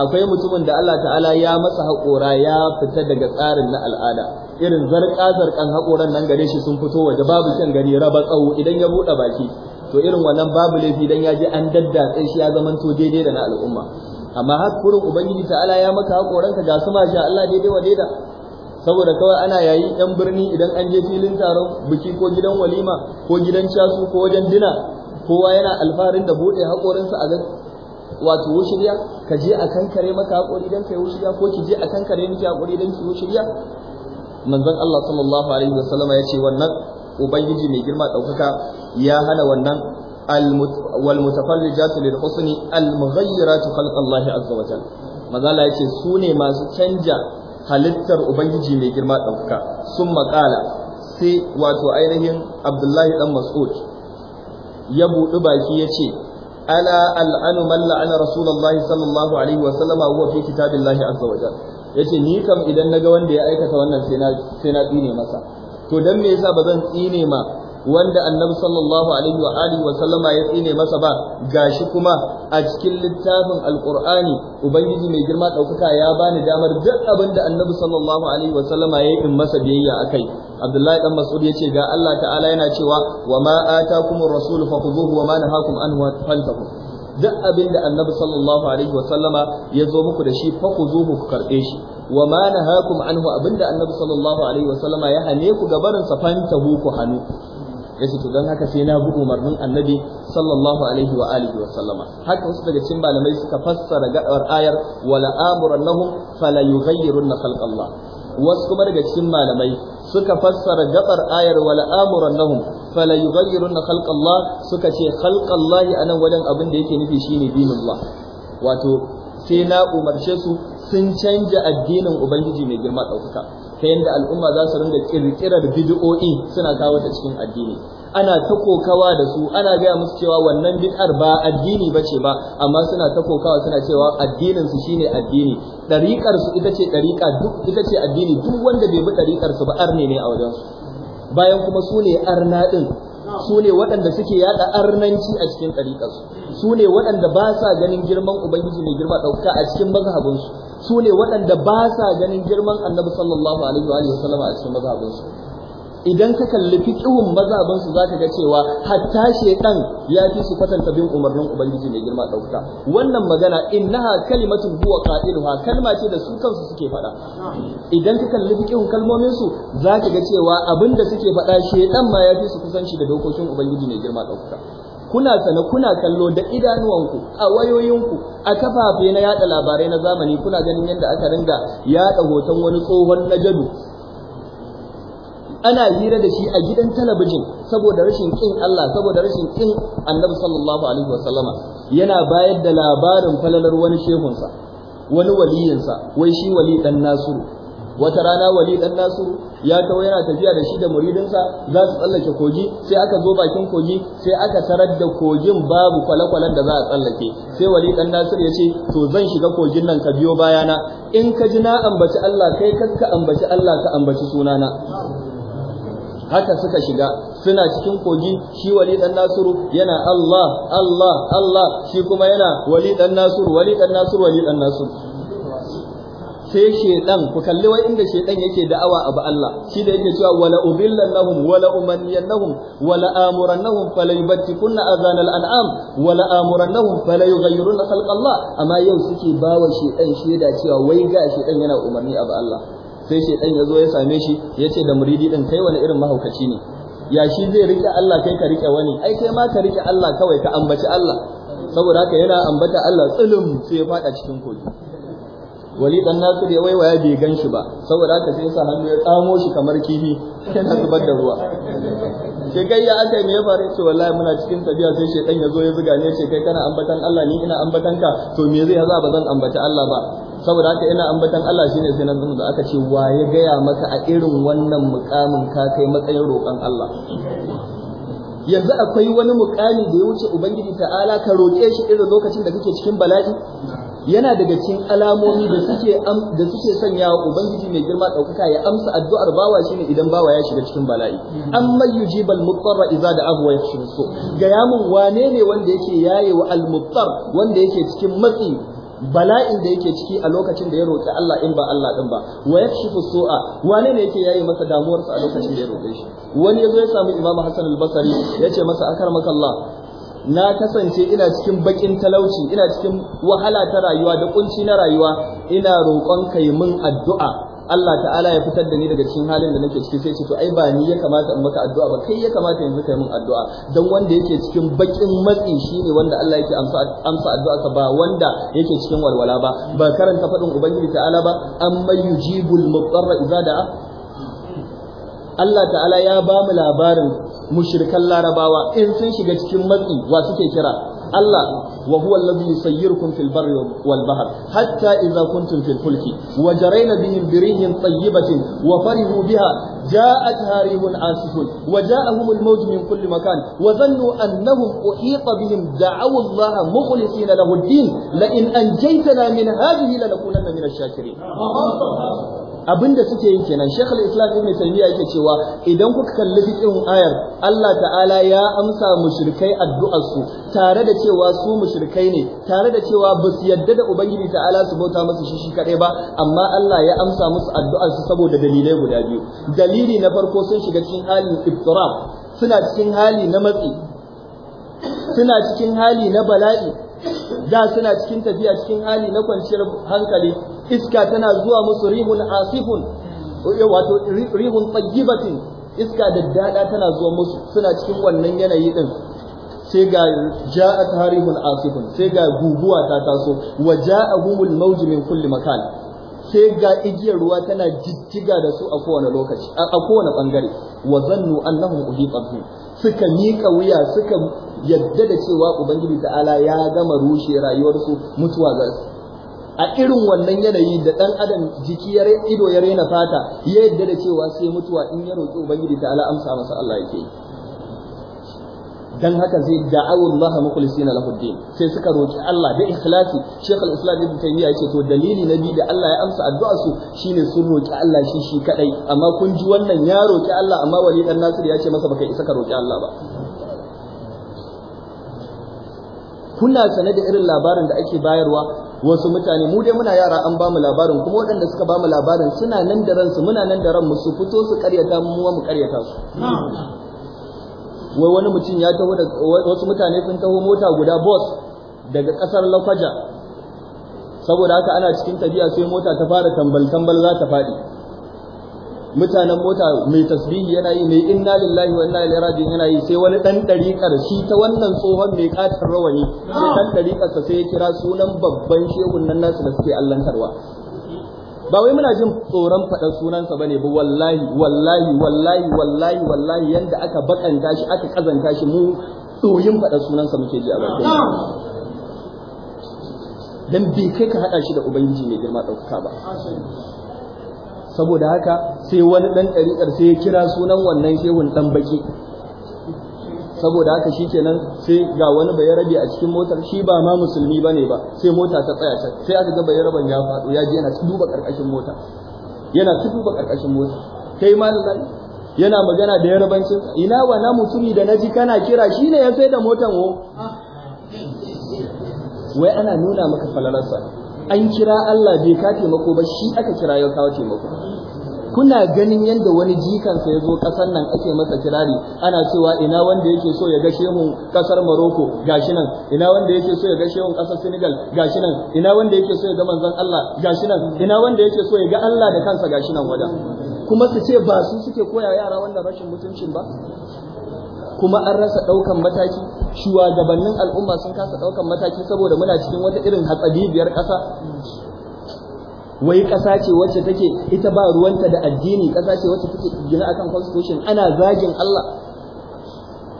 akwai mutumin da Allah ta'ala ya masa haƙora ya fita daga tsarin na al'ada irin zarka zarkan haƙoran nan gare shi sun fito waje babu kyan gari raba tsawo idan ya buɗe baki to irin wannan babu laifi idan ya ji an dadda sai shi ya zamanto daidai da na al'umma amma har kurin ubangiji ta'ala ya maka haƙoranka ga su masha Allah daidai wa daida saboda kawai ana yayi yan birni idan an je filin taron biki ko gidan walima ko gidan casu ko wajen dina kowa yana alfarin da bude haƙorinsa a ga wato wushiriya ka je a kankare maka haƙori dan kai wushiriya ko ki je a kankare miki haƙori dan ki wushiriya manzon Allah sallallahu alaihi wasallam ya ce wannan ubangiji mai girma ɗaukaka ya hana wannan wal mutafarrijatu lil husni al mughayyiratu khalqa Allah azza wa jalla mazala yace su ne masu canja halittar ubangiji mai girma ɗauka sun maƙala sai wato ainihin abdullahi dan mas'ud ya buɗi baki ya ce ala al'anu man la'ana rasulullahi sallallahu alaihi wa sallama huwa kitabin kitabillahi azza wa jalla yace ni kam idan naga wanda ya aikata wannan sai na tsine masa to dan me yasa zan tsine ma wanda annabi sallallahu alaihi wa alihi wa sallama ya tsine masa ba gashi kuma a cikin littafin alqur'ani ubangiji mai girma daukaka ya bani damar duk abin da annabi sallallahu alaihi wa sallama ya yi in masa biyayya akai abdullahi dan mas'ud yace ga Allah ta'ala yana cewa wa ma atakumur rasul fakhuduhu wa ma nahakum anhu fantahu duk abin da annabi sallallahu alaihi wa sallama ya zo muku da shi fakhuduhu ku karbe shi wa ma nahakum anhu abinda annabi sallallahu alaihi wa sallama ya hane ku gabarin sa fantahu ku hanu ce to dan haka sai na bi umarnin annabi sallallahu alaihi wa alihi wa sallama haka wasu daga cikin malamai suka fassara gaɗawar ayar wala lahum fala yughayyirunna khalqallah wasu kuma daga cikin malamai suka fassara gabar ayar wala amuran lahum fala yughayyirunna khalqallah suka ce khalqallahi anan wajen abin da yake nufi shine dinullah wato sai na umarce su sun canja addinin ubangiji mai girma daukaka ta yadda al'umma za su rinda kirkirar bid'o'i suna kawo ta cikin addini ana ta kokawa da su ana gaya musu cewa wannan bid'ar ba addini ba ce ba amma suna ta kokawa suna cewa addinin su shine addini dariƙar su ita ce ɗariƙa duk ita ce addini duk wanda bai bi dariƙar su ba arne ne a wajen su bayan kuma su ne arna ɗin su ne waɗanda suke yaɗa arnanci a cikin ɗariƙarsu su ne waɗanda ba sa ganin girman ubangiji mai girma ɗauka a cikin su su ne waɗanda ba sa ganin girman annabi sallallahu alaihi wa sallam a cikin mazhabinsu idan ka kalli fiqhun za zaka ga cewa hatta shaytan ya fi su kwatanta bin umarnin ubangiji mai girma dauka wannan magana innaha kalimatu huwa qailuha kalma ce da su kansu suke faɗa idan ka kalli fiqhun kalmomin su zaka ga cewa abinda suke faɗa shaytan ma ya fi su kusanci da dokokin ubangiji mai girma dauka kuna sana kuna kallo da idanuwanku a wayoyinku a kafafe na yada labarai na zamani kuna ganin yadda aka ringa yada hoton wani tsohon jadu ana hira da shi a gidan talabijin saboda rashin kin Allah saboda rashin kin Annabi sallallahu alaihi wasallama yana bayar da labarin falalar wani shehunsa wani waliyinsa wai shi wali dan Nasiru wata rana wali dan nasu ya tawo yana tafiya da shi da muridinsa za su tsallake kogi sai aka zo bakin kogi sai aka sarar da kogin babu kwale-kwalen da za a tsallake sai wali dan nasu ya ce to zan shiga kogin nan ka biyo bayana in ka ji na ambaci Allah kai ka ambaci Allah ka ambaci sunana haka suka shiga suna cikin kogi shi wali dan nasiru yana Allah Allah Allah shi kuma yana wali dan nasiru wali dan nasiru wali dan nasiru sai shedan ku kalli wai inda shedan yake da'awa abu Allah shi da yake cewa wala ubillannahum wala umanniyannahum wala amurannahum kunna azan al'am wala amurannahum falayughayyirunna khalq Allah amma yau suke bawa shedan sheda cewa wai ga shedan yana umarni abu Allah sai shedan ya zo ya same shi ya ce da muridi din kai wani irin mahaukaci ne ya shi zai rike Allah kai ka rike wani ai kai ma ka rike Allah kawai ka ambaci Allah saboda haka yana ambata Allah tsulum sai ya fada cikin kogi wali dan nasir ya waiwaya bai gan shi ba saboda haka sai sa hannu ya tsamo shi kamar kifi yana zubar da ruwa ke kai ya aka me ya faru ce wallahi muna cikin tafiya sai shedan ya zo ya zuga ne ce kai kana ambatan Allah ni ina ambatan ka to me zai haza ba zan ambaci Allah ba saboda haka ina ambatan Allah shine sai nan da aka ce wa ya gaya maka a irin wannan mukamin ka kai matsayin roƙon Allah yanzu akwai wani mukami da ya wuce ubangiji ta'ala ka roƙe shi irin lokacin da kake cikin bala'i yana daga cikin alamomi da suke da suke sanya ubangiji mai girma daukaka ya amsa addu'ar bawa shine idan bawa ya shiga cikin bala'i amma yujibal mutarra idza da'ahu wa yakshiru su ga yamun wane ne wanda yake yaye wa al muttar wanda yake cikin matsi bala'in da yake ciki a lokacin da ya roƙi Allah in ba Allah din ba wa yakshifu su'a wane ne yake yayi masa damuwarsa a lokacin da ya roƙe shi wani yazo ya samu Imam Hassan al-Basri yace masa akarmaka Allah na kasance ina cikin bakin talauci ina cikin wahala ta rayuwa da kunci na rayuwa ina roƙon kai min addu'a Allah ta'ala ya fitar da ni daga cikin halin da nake ciki sai ce to ai ba ni ya kamata in maka addu'a ba kai ya kamata yanzu kai min addu'a dan wanda yake cikin bakin matsi shine wanda Allah yake amsa amsa addu'a ka ba wanda yake cikin walwala ba ba karanta fadin ubangiji ta'ala ba amma yujibul mudarra idza da'a Allah ta'ala ya ba mu labarin mushrikan larabawa in sun shiga cikin matsi wa suke kira Allah wa huwa alladhi yusayyirukum fil barri wal bahr hatta idza kuntum fil fulki wa jarayna bihim bi rihin tayyibatin wa farihu biha ja'atha rihun asifun wa ja'ahum al mawj min kulli makan wa dhannu annahum uhita bihim da'aw Allah mukhlisina lahu ad-din la in anjaytana min hadhihi lanakunanna min ash-shakirin abinda suke yi kenan Sheikh islam Ibn taymiya yake cewa idan kuka kalli fiqhin ayar Allah ta'ala ya amsa mushrikai addu'ar su tare da cewa su mushrikai ne tare da cewa ba su yadda da ubangiji ta'ala su bauta musu shi shi kadai ba amma Allah ya amsa musu addu'ar su saboda dalilai guda biyu dalili na farko sun shiga cikin halin iftirab suna cikin hali na matsi suna cikin hali na bala'i da suna cikin tafiya cikin hali na kwanciyar hankali iska tana zuwa musu rihun asifun eh, wato rihun tsagibatin iska da dada tana zuwa musu suna cikin wannan yanayi din sai ga ja'at harihun asifun sai ga guguwa ta taso wa ja'ahumul mawj min kulli makan sai ga igiyar ruwa tana jijjiga da su a kowane lokaci a kowane bangare wa zannu annahum uhiqa bihim suka miƙa wuya suka yadda da cewa ubangiji ta'ala ya gama rushe rayuwarsu mutuwa za su a irin wannan yanayi da ɗan adam jiki ya ido ya rena fata ya yadda da cewa sai mutuwa in ya roƙi ubangiji ta'ala amsa masa Allah yake dan haka zai da'awu Allah mukhlisina lahu din sai suka roki Allah da ikhlasi Sheikh al-Islam Ibn Taymiyyah yace to dalili na biyu da Allah ya amsa addu'a su shine sun roki Allah shi shi kadai amma kun ji wannan ya roki Allah amma wali dan Nasir ya ce masa baka isa ka roki Allah ba kuna sane da irin labarin da ake bayarwa wasu mutane mu dai muna yara an bamu labarin kuma waɗanda suka bamu labarin suna nan da ransu muna nan da ranmu su fito su karyata mu mu karyata su wai wani mutum ya taho da wasu mutane sun taho mota guda bus daga ƙasar Lakwaja saboda haka ana cikin tafiya sai mota ta fara tambal tambal za ta faɗi mutanen mota mai tasbihi yana yi mai inna lillahi wa inna ilaihi raji'un yana yi sai wani dan dariƙar shi ta wannan tsohon mai katar rawani sai dan dariƙar sa sai ya kira sunan babban Shehu nan nasu da suke allantarwa ba wai muna jin tsoron faɗar sunansa bane ba wallahi wallahi wallahi wallahi wallahi yanda aka bakanta shi aka kazanta shi mu tsoyin faɗar sunansa muke ji a bakin dan bai kai ka hada shi da ubangiji mai girma dauka ba saboda haka sai wani dan ɗariƙar sai ya kira sunan wannan shehun dan baki saboda haka shi kenan sai ga wani bayarabe a cikin motar shi ba ma musulmi bane ba sai mota ta tsaya can sai aka ga bayaraben ya faɗo ya ji yana duba ƙarƙashin mota yana duba ƙarƙashin mota kai malam yana magana da yarabancin ina wa musulmi mutumi da naji kana kira shine ya sai da motan wo wai ana nuna maka falalarsa an kira Allah bai ka taimako ba shi aka kira ya kawo taimako kuna ganin yadda wani jikansa ya zo ƙasar nan ake masa kirari ana cewa ina wanda yake so ya gashe mu ƙasar Morocco gashi nan ina wanda yake so ya gashe mu ƙasar Senegal gashi nan ina wanda yake so ya ga manzon Allah gashi nan ina wanda yake so ya ga Allah da kansa gashi nan wada kuma su ce ba su suke koya yara wannan rashin mutuncin ba kuma an rasa ɗaukan mataki shugabannin al'umma sun kasa ɗaukan mataki saboda muna cikin wata irin hatsari biyar ƙasa wai ƙasa ce wacce take ita ba ruwanta da addini ƙasa ce wacce take gina akan constitution ana zagin Allah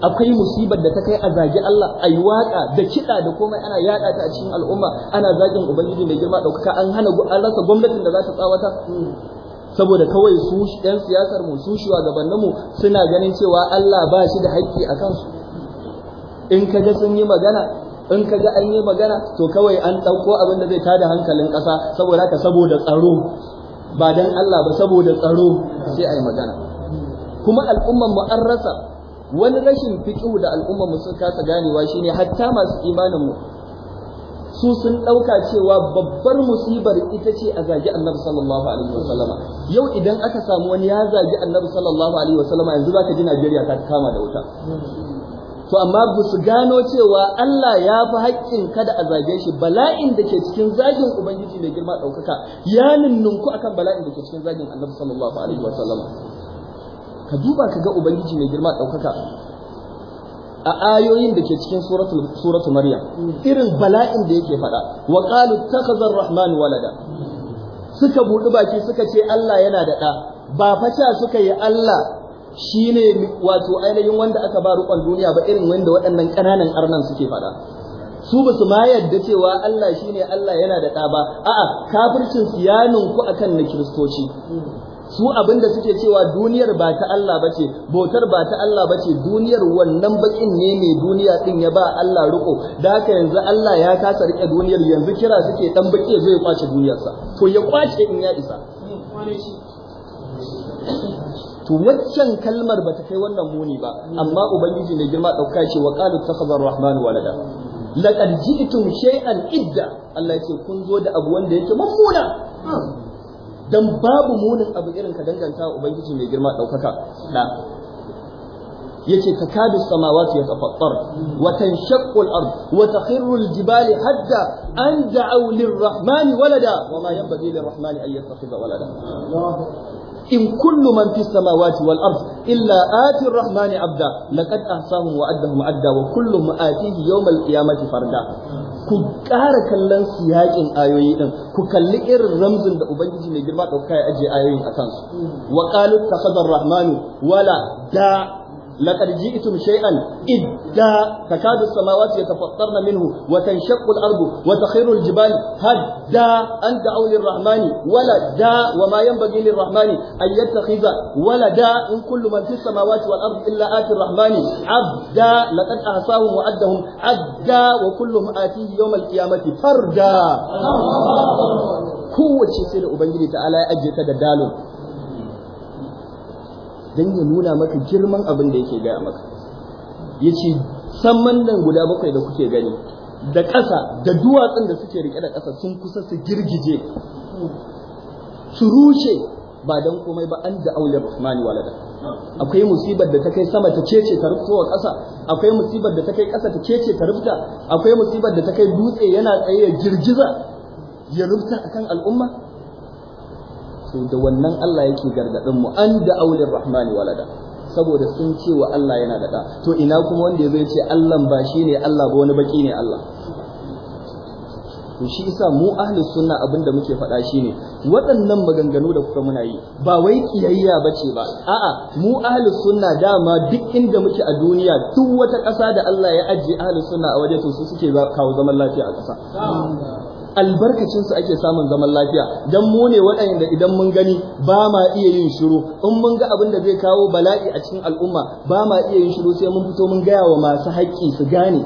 akwai musibar da ta kai a zagi Allah a yi waƙa da kiɗa da komai ana yaɗa ta a cikin al'umma ana zagin ubangiji mai girma ɗaukaka an hana an rasa gwamnatin da za ta tsawata saboda kawai su ɗan siyasar mu su shugabannin mu suna ganin cewa Allah ba shi da haƙƙi a kansu in ga sun yi magana in ga an yi magana to kawai an ɗauko abin da zai tada hankalin ƙasa saboda ka saboda tsaro ba dan Allah ba saboda tsaro sai a yi magana kuma al'umman mu an rasa wani rashin fiqhu da al'umman mu suka kasa ganewa shine hatta masu imanin mu su sun ɗauka cewa babbar musibar ita ce a zagi annabi sallallahu alaihi wasallam yau idan aka samu wani ya zagi annabi sallallahu alaihi wasallam yanzu zaka ji Najeriya ta kama da wuta to amma ba su gano cewa Allah ya fi haƙƙin kada a zage shi bala'in da ke cikin zagin ubangiji mai girma ɗaukaka ya nunnunku akan bala'in da ke cikin zagin annabi sallallahu alaihi wasallam ka duba ka ga ubangiji mai girma ɗaukaka a ayoyin da ke cikin suratu maryam irin bala'in da yake faɗa wa qalu takhazar rahman walada suka buɗi baki suka ce Allah yana da ɗa ba fata suka yi Allah shine wato ainihin wanda aka ba rukon duniya ba irin wanda waɗannan ƙananan arnan suke faɗa su ba su ma yadda cewa Allah shine Allah yana da ɗa ba a'a kafircin su ya ninku akan na kiristoci su abin da suke cewa duniyar ba ta Allah ba ce bautar ba ta Allah ba ce duniyar wannan bakin ne mai duniya din ya ba Allah riko da haka yanzu Allah ya kasa rike duniyar yanzu kira suke dan baki zai kwace duniyarsa to ya kwace in ya isa to waccan kalmar ba ta kai wannan muni ba amma ubangiji ne girma dauka ce wa qalu takhazar rahman walada laqad ji'tum shay'an idda Allah ya ce kun zo da abu wanda yake mafuna dan babu munin abu irin ka danganta ubangiji mai girma daukaka da yace takadu samawati yatafattar wa tanshaqqu al-ard wa takhirru al-jibal hadda an da'u lir-rahmani walada wa ma yanbaghi lir-rahmani an yattakhidha walada in kullu man fis samawati wal ard illa ati rahman abda laqad ahsahum wa addahum adda wa kullu atihi yawm al-qiyamati farda ku ƙara kallon siyaƙin ayoyi ɗin ku kalli irin ramzin da ubangiji mai girma ɗauka ya ajiye ayoyin a kansu wa qalu takhadha ar-rahmanu wala da لقد جئتم شيئا إدا تكاد السماوات يتفطرن منه وتنشق الأرض وتخير الجبال هدا أن دعوا للرحمن ولدا وما ينبغي للرحمن أن يتخذ ولدا إن كل من في السماوات والأرض إلا آتي الرحمن عبدا لقد أحصاهم وعدهم عدا وكلهم آتيه يوم القيامة فردا kowace sai da Ubangiji ta'ala ya ajiye ta da dalon don ya nuna maka girman abin da yake gaya maka ya ce saman nan guda bakwai da kuke gani da ƙasa da duwatsun da suke rike da ƙasa sun kusa su girgije su rushe ba don komai ba an da aule rahmani walada akwai musibar da ta kai sama ta cece ta ruftowa ƙasa akwai musibar da ta kai ƙasa ta cece ta rufta akwai musibar da ta kai dutse yana tsaye ya girgiza ya rufta akan al'umma to da wannan Allah yake gargadin mu an da aulir rahmani walada saboda sun ce wa Allah yana da da to ina kuma wanda zai ce Allah ba shi ne Allah ba wani baki ne Allah to shi isa mu ahli sunna abinda muke faɗa shi ne. waɗannan maganganu da kuka muna yi ba wai kiyayya bace ba a'a mu ahli sunna dama duk inda muke a duniya duk wata ƙasa da Allah ya ajiye ahli sunna a waje to su suke kawo zaman lafiya a ƙasa albarkacinsu ake samun zaman lafiya don mu ne waɗanda idan mun gani ba ma iya yin shiru in mun ga abin da zai kawo bala'i a cikin al'umma ba ma iya yin shiru sai mun fito mun gaya wa masu haƙƙi su gane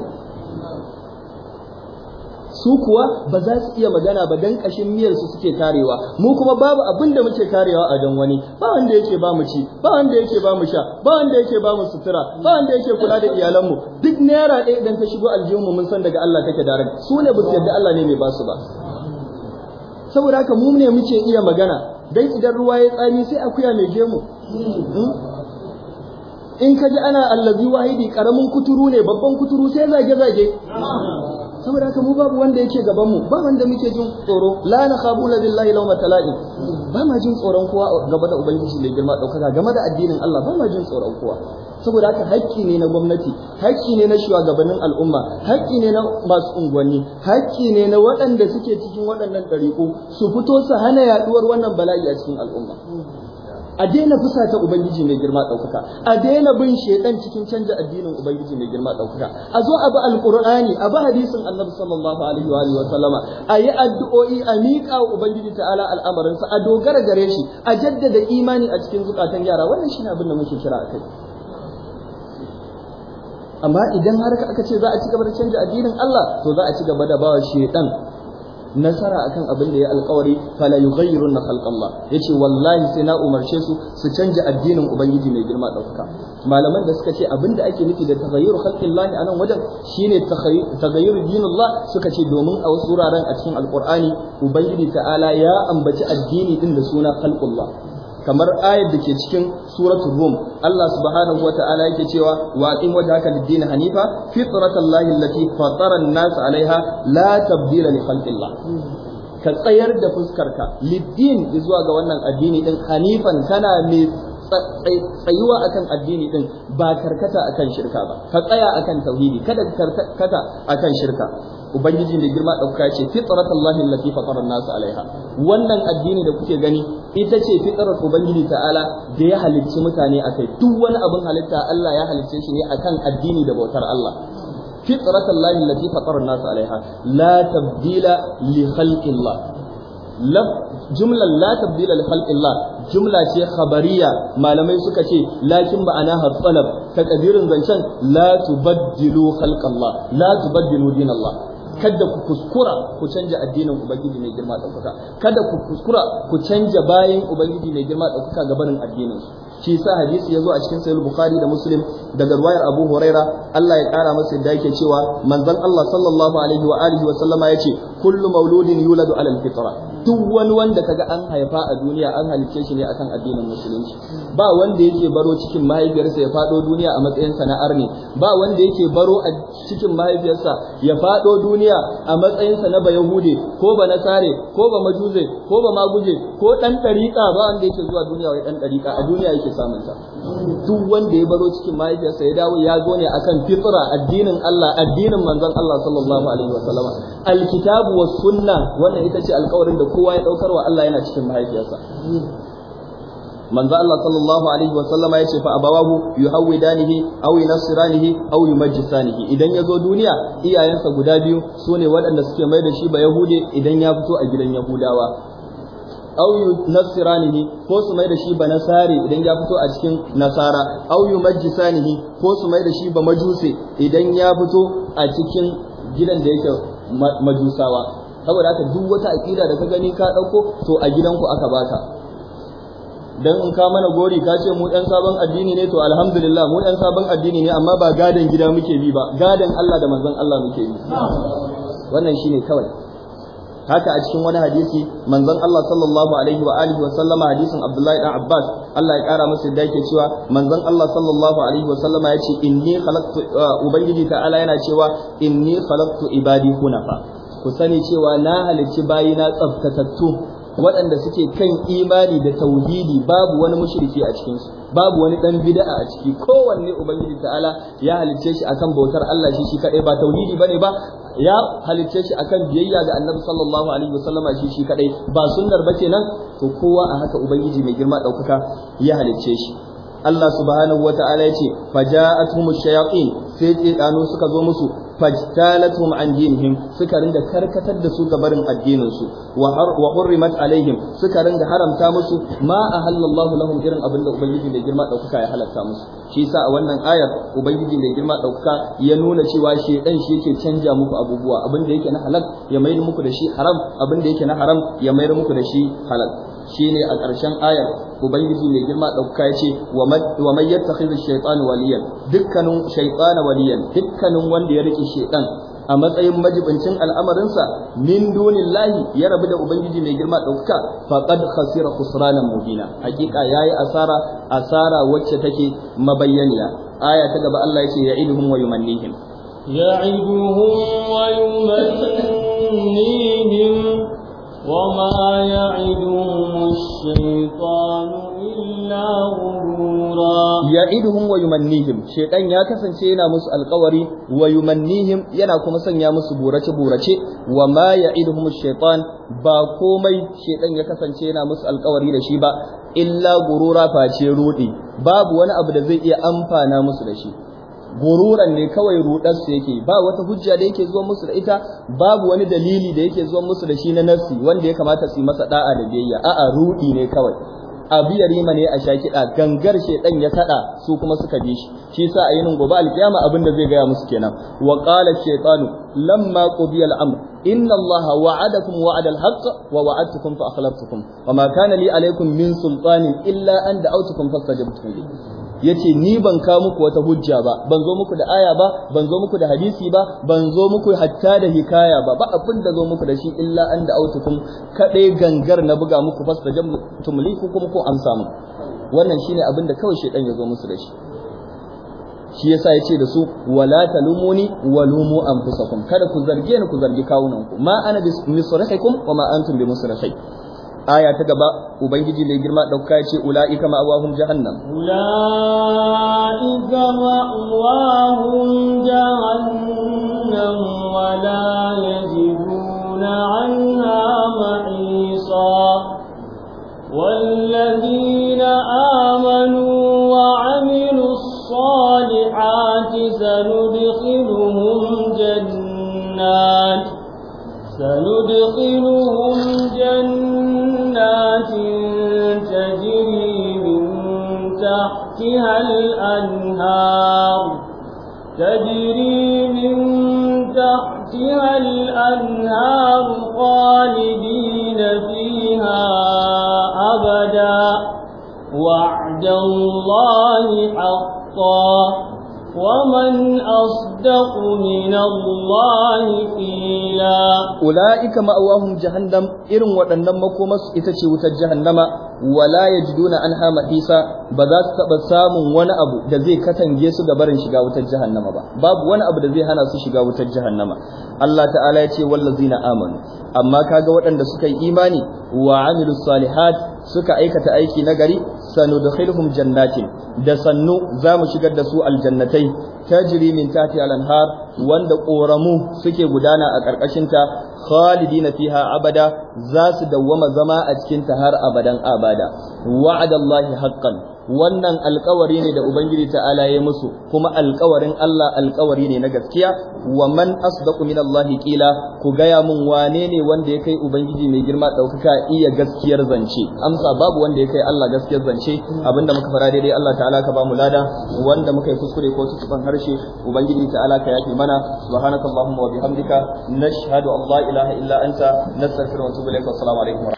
su kuwa ba za su iya magana ba dan kashin miyar su suke tarewa mu kuma babu abin da muke karewa a dan wani ba wanda yake ba mu ci ba wanda yake ba mu sha ba wanda yake ba mu sutura ba wanda yake kula da iyalanmu duk naira ɗaya idan ta shigo aljihunmu mun san daga Allah take daren su ne ba yadda Allah ne mai ba su ba saboda haka mu ne muke iya magana dan idan ruwa ya tsami sai akuya mai gemu in ka ji ana allazi wahidi karamin kuturu ne babban kuturu sai zage zage saboda haka mu babu wanda yake gaban mu ba wanda muke jin tsoro la nakhabu la billahi lawma talaqi ba ma jin tsoron kowa gaba da ubangiji mai girma daukaka game da addinin Allah ba ma jin tsoron kowa saboda haka haƙƙi ne na gwamnati hakki ne na shugabannin al'umma hakki ne na masu unguwanni hakki ne na waɗanda suke cikin waɗannan ɗariƙu su fito su hana yaɗuwar wannan bala'i a cikin al'umma a daina fusata ubangiji mai girma ɗaukaka a daina bin shaidan cikin canja addinin ubangiji mai girma ɗaukaka a zo a bi alqur'ani a bi hadisin annabi sallallahu alaihi wa wa sallama a yi addu'o'i a miƙa wa ubangiji ta'ala al'amarin sa a dogara gare shi a jaddada imani a cikin zukatan yara wannan shine abin da muke kira a kai. amma idan har aka ce za a ci gaba da canja addinin Allah to za a ci gaba da bawa shaidan nasara akan abin da ya alkawari fala yughayyirunna khalqallah yace wallahi sai na umarce su su canja addinin ubangiji mai girma dauka malaman da suka ce abin da ake nufi da taghayyur khalqillah anan wajen shine taghayyur dinullah suka ce domin a wasu wuraren a cikin alqur'ani ubangiji ta'ala ya ambaci addini din da suna khalqullah kamar ayar da ke cikin suratul rum Allah subhanahu wata'ala yake cewa wa aqim wajhaka lid-din hanifa fitratallahi allati fatara an-nas 'alayha la tabdila li khalqillah ka tsayar da fuskarka ka. din zuwa ga wannan addini din hanifan kana mai tsayuwa akan addini din ba karkata akan shirka ba ka tsaya akan tauhidi kada ka karkata akan shirka ubangiji mai girma dauka ce fitratullahi allati fatara an-nas alaiha wannan addini da kuke gani ita ce fitrar ubangiji ta'ala da ya halicci mutane akai duk wani abin halitta Allah ya halicce shi ne akan addini da bautar Allah fitratullahi allati fatara an-nas alaiha la tabdila li khalqillah jumlar la tabdila li khalqillah jumla ce khabariya malamai suka ce lakin ba ma'ana hatsalab ta kadirin zancen la tubaddilu khalqallah la tubaddilu dinallah kada ku kuskura ku canja addinin ubangiji mai girma ɗaukaka kada ku kuskura ku canja bayan ubangiji mai girma ɗaukaka ga barin addinin su shi sa hadisi ya zo a cikin sahih bukhari da muslim daga ruwayar abu huraira Allah ya kara masa yadda yake cewa manzon Allah sallallahu alaihi wa alihi wa sallama yace kullu mauludin yuladu alal fitra duk wani wanda kaga an haifa a duniya an halicce shi ne akan addinin musulunci ba wanda yake baro cikin mahaifiyarsa ya fado duniya a matsayin sana'ar ne ba wanda yake baro a cikin mahaifiyarsa ya fado duniya a matsayinsa na bayahude ko ba nasare ko ba majuze ko ba maguje ko dan dariƙa ba wanda yake zuwa duniya wai dan dariƙa a duniya ake samun ta duk wanda ya baro cikin mahaifiyarsa ya dawo ya zo ne akan fitra addinin Allah addinin manzon Allah sallallahu alaihi wa sallama alkitabu was sunna wannan ita ce alƙawarin da kowa ya wa Allah yana cikin mahaifiyarsa manzon Allah sallallahu alaihi wa sallama yace fa abawahu yuhawidanihi aw yunasiranihi aw yumajjisanihi idan yazo duniya iyayensa guda biyu sune waɗanda suke mai da shi ba yahude idan ya fito a gidan yahudawa aw nasiranihi ko su mai da shi ba nasari idan ya fito a cikin nasara aw yumajjisanihi ko su mai da shi ba majuse idan ya fito a cikin gidan da yake majusawa saboda haka duk wata aqida da ka gani ka dauko to a gidanku aka baka dan in ka mana gori ka ce mu ɗan sabon addini ne to alhamdulillah mu ɗan sabon addini ne amma ba gadan gida muke bi ba gadan Allah da manzon Allah muke bi wannan shine kawai haka a cikin wani hadisi manzon Allah sallallahu alaihi wa alihi wa sallama hadisin Abdullahi dan Abbas Allah ya kara masa da yake cewa manzon Allah sallallahu alaihi wa sallama ya ce inni khalaqtu uh, ubangiji ta'ala yana cewa inni khalaqtu ibadi hunafa ku sani cewa na halicci bayina tsaftatattu waɗanda suke kan imani da tauhidi babu wani mushriki a cikinsu babu wani dan bid'a a ciki kowanne ubangiji ta'ala ya halicce shi akan bautar Allah shi shi kadai ba tauhidi bane ba ya halicce shi akan biyayya ga annabi sallallahu alaihi wasallam shi shi kadai ba sunnar ba nan to kowa a haka ubangiji mai girma daukaka ya halicce shi Allah subhanahu wa ta'ala ya ce fa ja'atuhum shayatin sai tsedano suka zo musu fajtalatum an dinihim suka rinda karkatar da su gabarin addinin su wa hurrimat alaihim suka rinda haramta musu ma ahallallahu lahum irin abinda da ubangiji mai girma dauka ya halatta musu shi yasa a wannan ayar ubangiji mai girma dauka ya nuna cewa shi dan shi yake canja muku abubuwa abin da yake na halal ya mayar muku da shi haram abin yake na haram ya mayar muku da shi halal shine a ƙarshen ayar ubangiji mai girma ɗauka ya ce wa man yattakhidhu shaytana waliyan dukkanin shaytana waliyan dukkanin wanda ya rike shaytan a matsayin majibincin al'amarinsa min dunillahi ya rabu da ubangiji mai girma ɗauka faqad khasira khusranan mubina hakika yayi asara asara wacce take mabayyaniya aya ta gaba Allah yace ya'iduhum wa yumannihim ya'iduhum wa yumannihim وما يعدهم الشيطان إلا غرورا يعدهم ويمنيهم شيطان يا كسانشي yana musu alƙawari ويمنيهم yana kuma sanya musu burace burace وما يعدهم الشيطان ba komai shedan ya kasance yana musu alƙawari da shi ba illa gurura face rudi babu wani abu da zai iya amfana musu da shi gururan ne kawai rudarsu yake ba wata hujja da yake zuwa musu da ita babu wani dalili da yake zuwa musu da shi na nafsi wanda ya kamata su yi masa da'a da biyayya a'a rudi ne kawai abu ya rima ne a sha kiɗa gangar shaidan ya kaɗa su kuma suka bi shi shi sa a yinin gobe alkiyama abin da zai gaya musu kenan wa qala shaytanu lamma qudiya al-amr inna allaha wa'adakum wa'ada al-haqq wa wa'adtukum fa akhlaftukum wa ma kana li alaykum min sultanin illa an da'awtukum fastajabtum li yace ni ban ka muku wata hujja ba ban zo muku da aya ba ban zo muku da hadisi ba ban zo muku hatta da hikaya ba ba abin da zo muku da shi illa an da autukum kadai gangar na buga muku fastajabtum jam ko kuma ko amsa mu wannan shine abin da kawai shedan ya zo musu da shi shi yasa yace da su wala talumuni walumu anfusakum kada ku zarge ni ku zargi kawunanku ma ana bi misrahikum wa ma antum bi musrahi aya ta gaba ubangiji mai girma dauka ya ce ula'ika ma'awahum jahannam ula'ika ma'awahum jahannam wa la yajiduna anha mahisa والذين آمنوا فيها الأنهار تجري من تحتها الأنهار خالدين فيها أبدا وعد الله حقا ومن أصدق من الله ula'ika ma'awahum jahannam irin waɗannan makomas ita ce wutar jahannama wala yajiduna anha mahisa ba za su taɓa samun wani abu da zai katange su ga barin shiga wutar jahannama ba babu wani abu da zai hana su shiga wutar jahannama Allah ta'ala ya ce wallazina amanu amma kaga waɗanda suka yi imani wa amilu salihat suka aikata aiki nagari sanudkhiluhum jannatin da sannu zamu shigar da su aljannatai tajri min tahti al-anhar wanda ƙoramu suke gudana a karkashin ta khalidina fiha abada za su dawwama zama a cikinta har abadan abada wa'adallahi haƙƙan. wannan alkawari ne da ubangiji ta'ala ya musu kuma alkawarin Allah alkawari ne na gaskiya wa man asdaqu min Allah qila ku gaya mun wane ne wanda ya kai ubangiji mai girma daukaka iya gaskiyar zance amsa babu wanda ya kai Allah gaskiyar zance abinda muka fara daidai Allah ta'ala ka ba mu lada wanda muka yi kuskure ko tuban harshe ubangiji ta'ala ka yafe mana subhanakallahumma wa bihamdika nashhadu an la ilaha illa anta nastaghfiruka wa natubu ilaik assalamu alaikum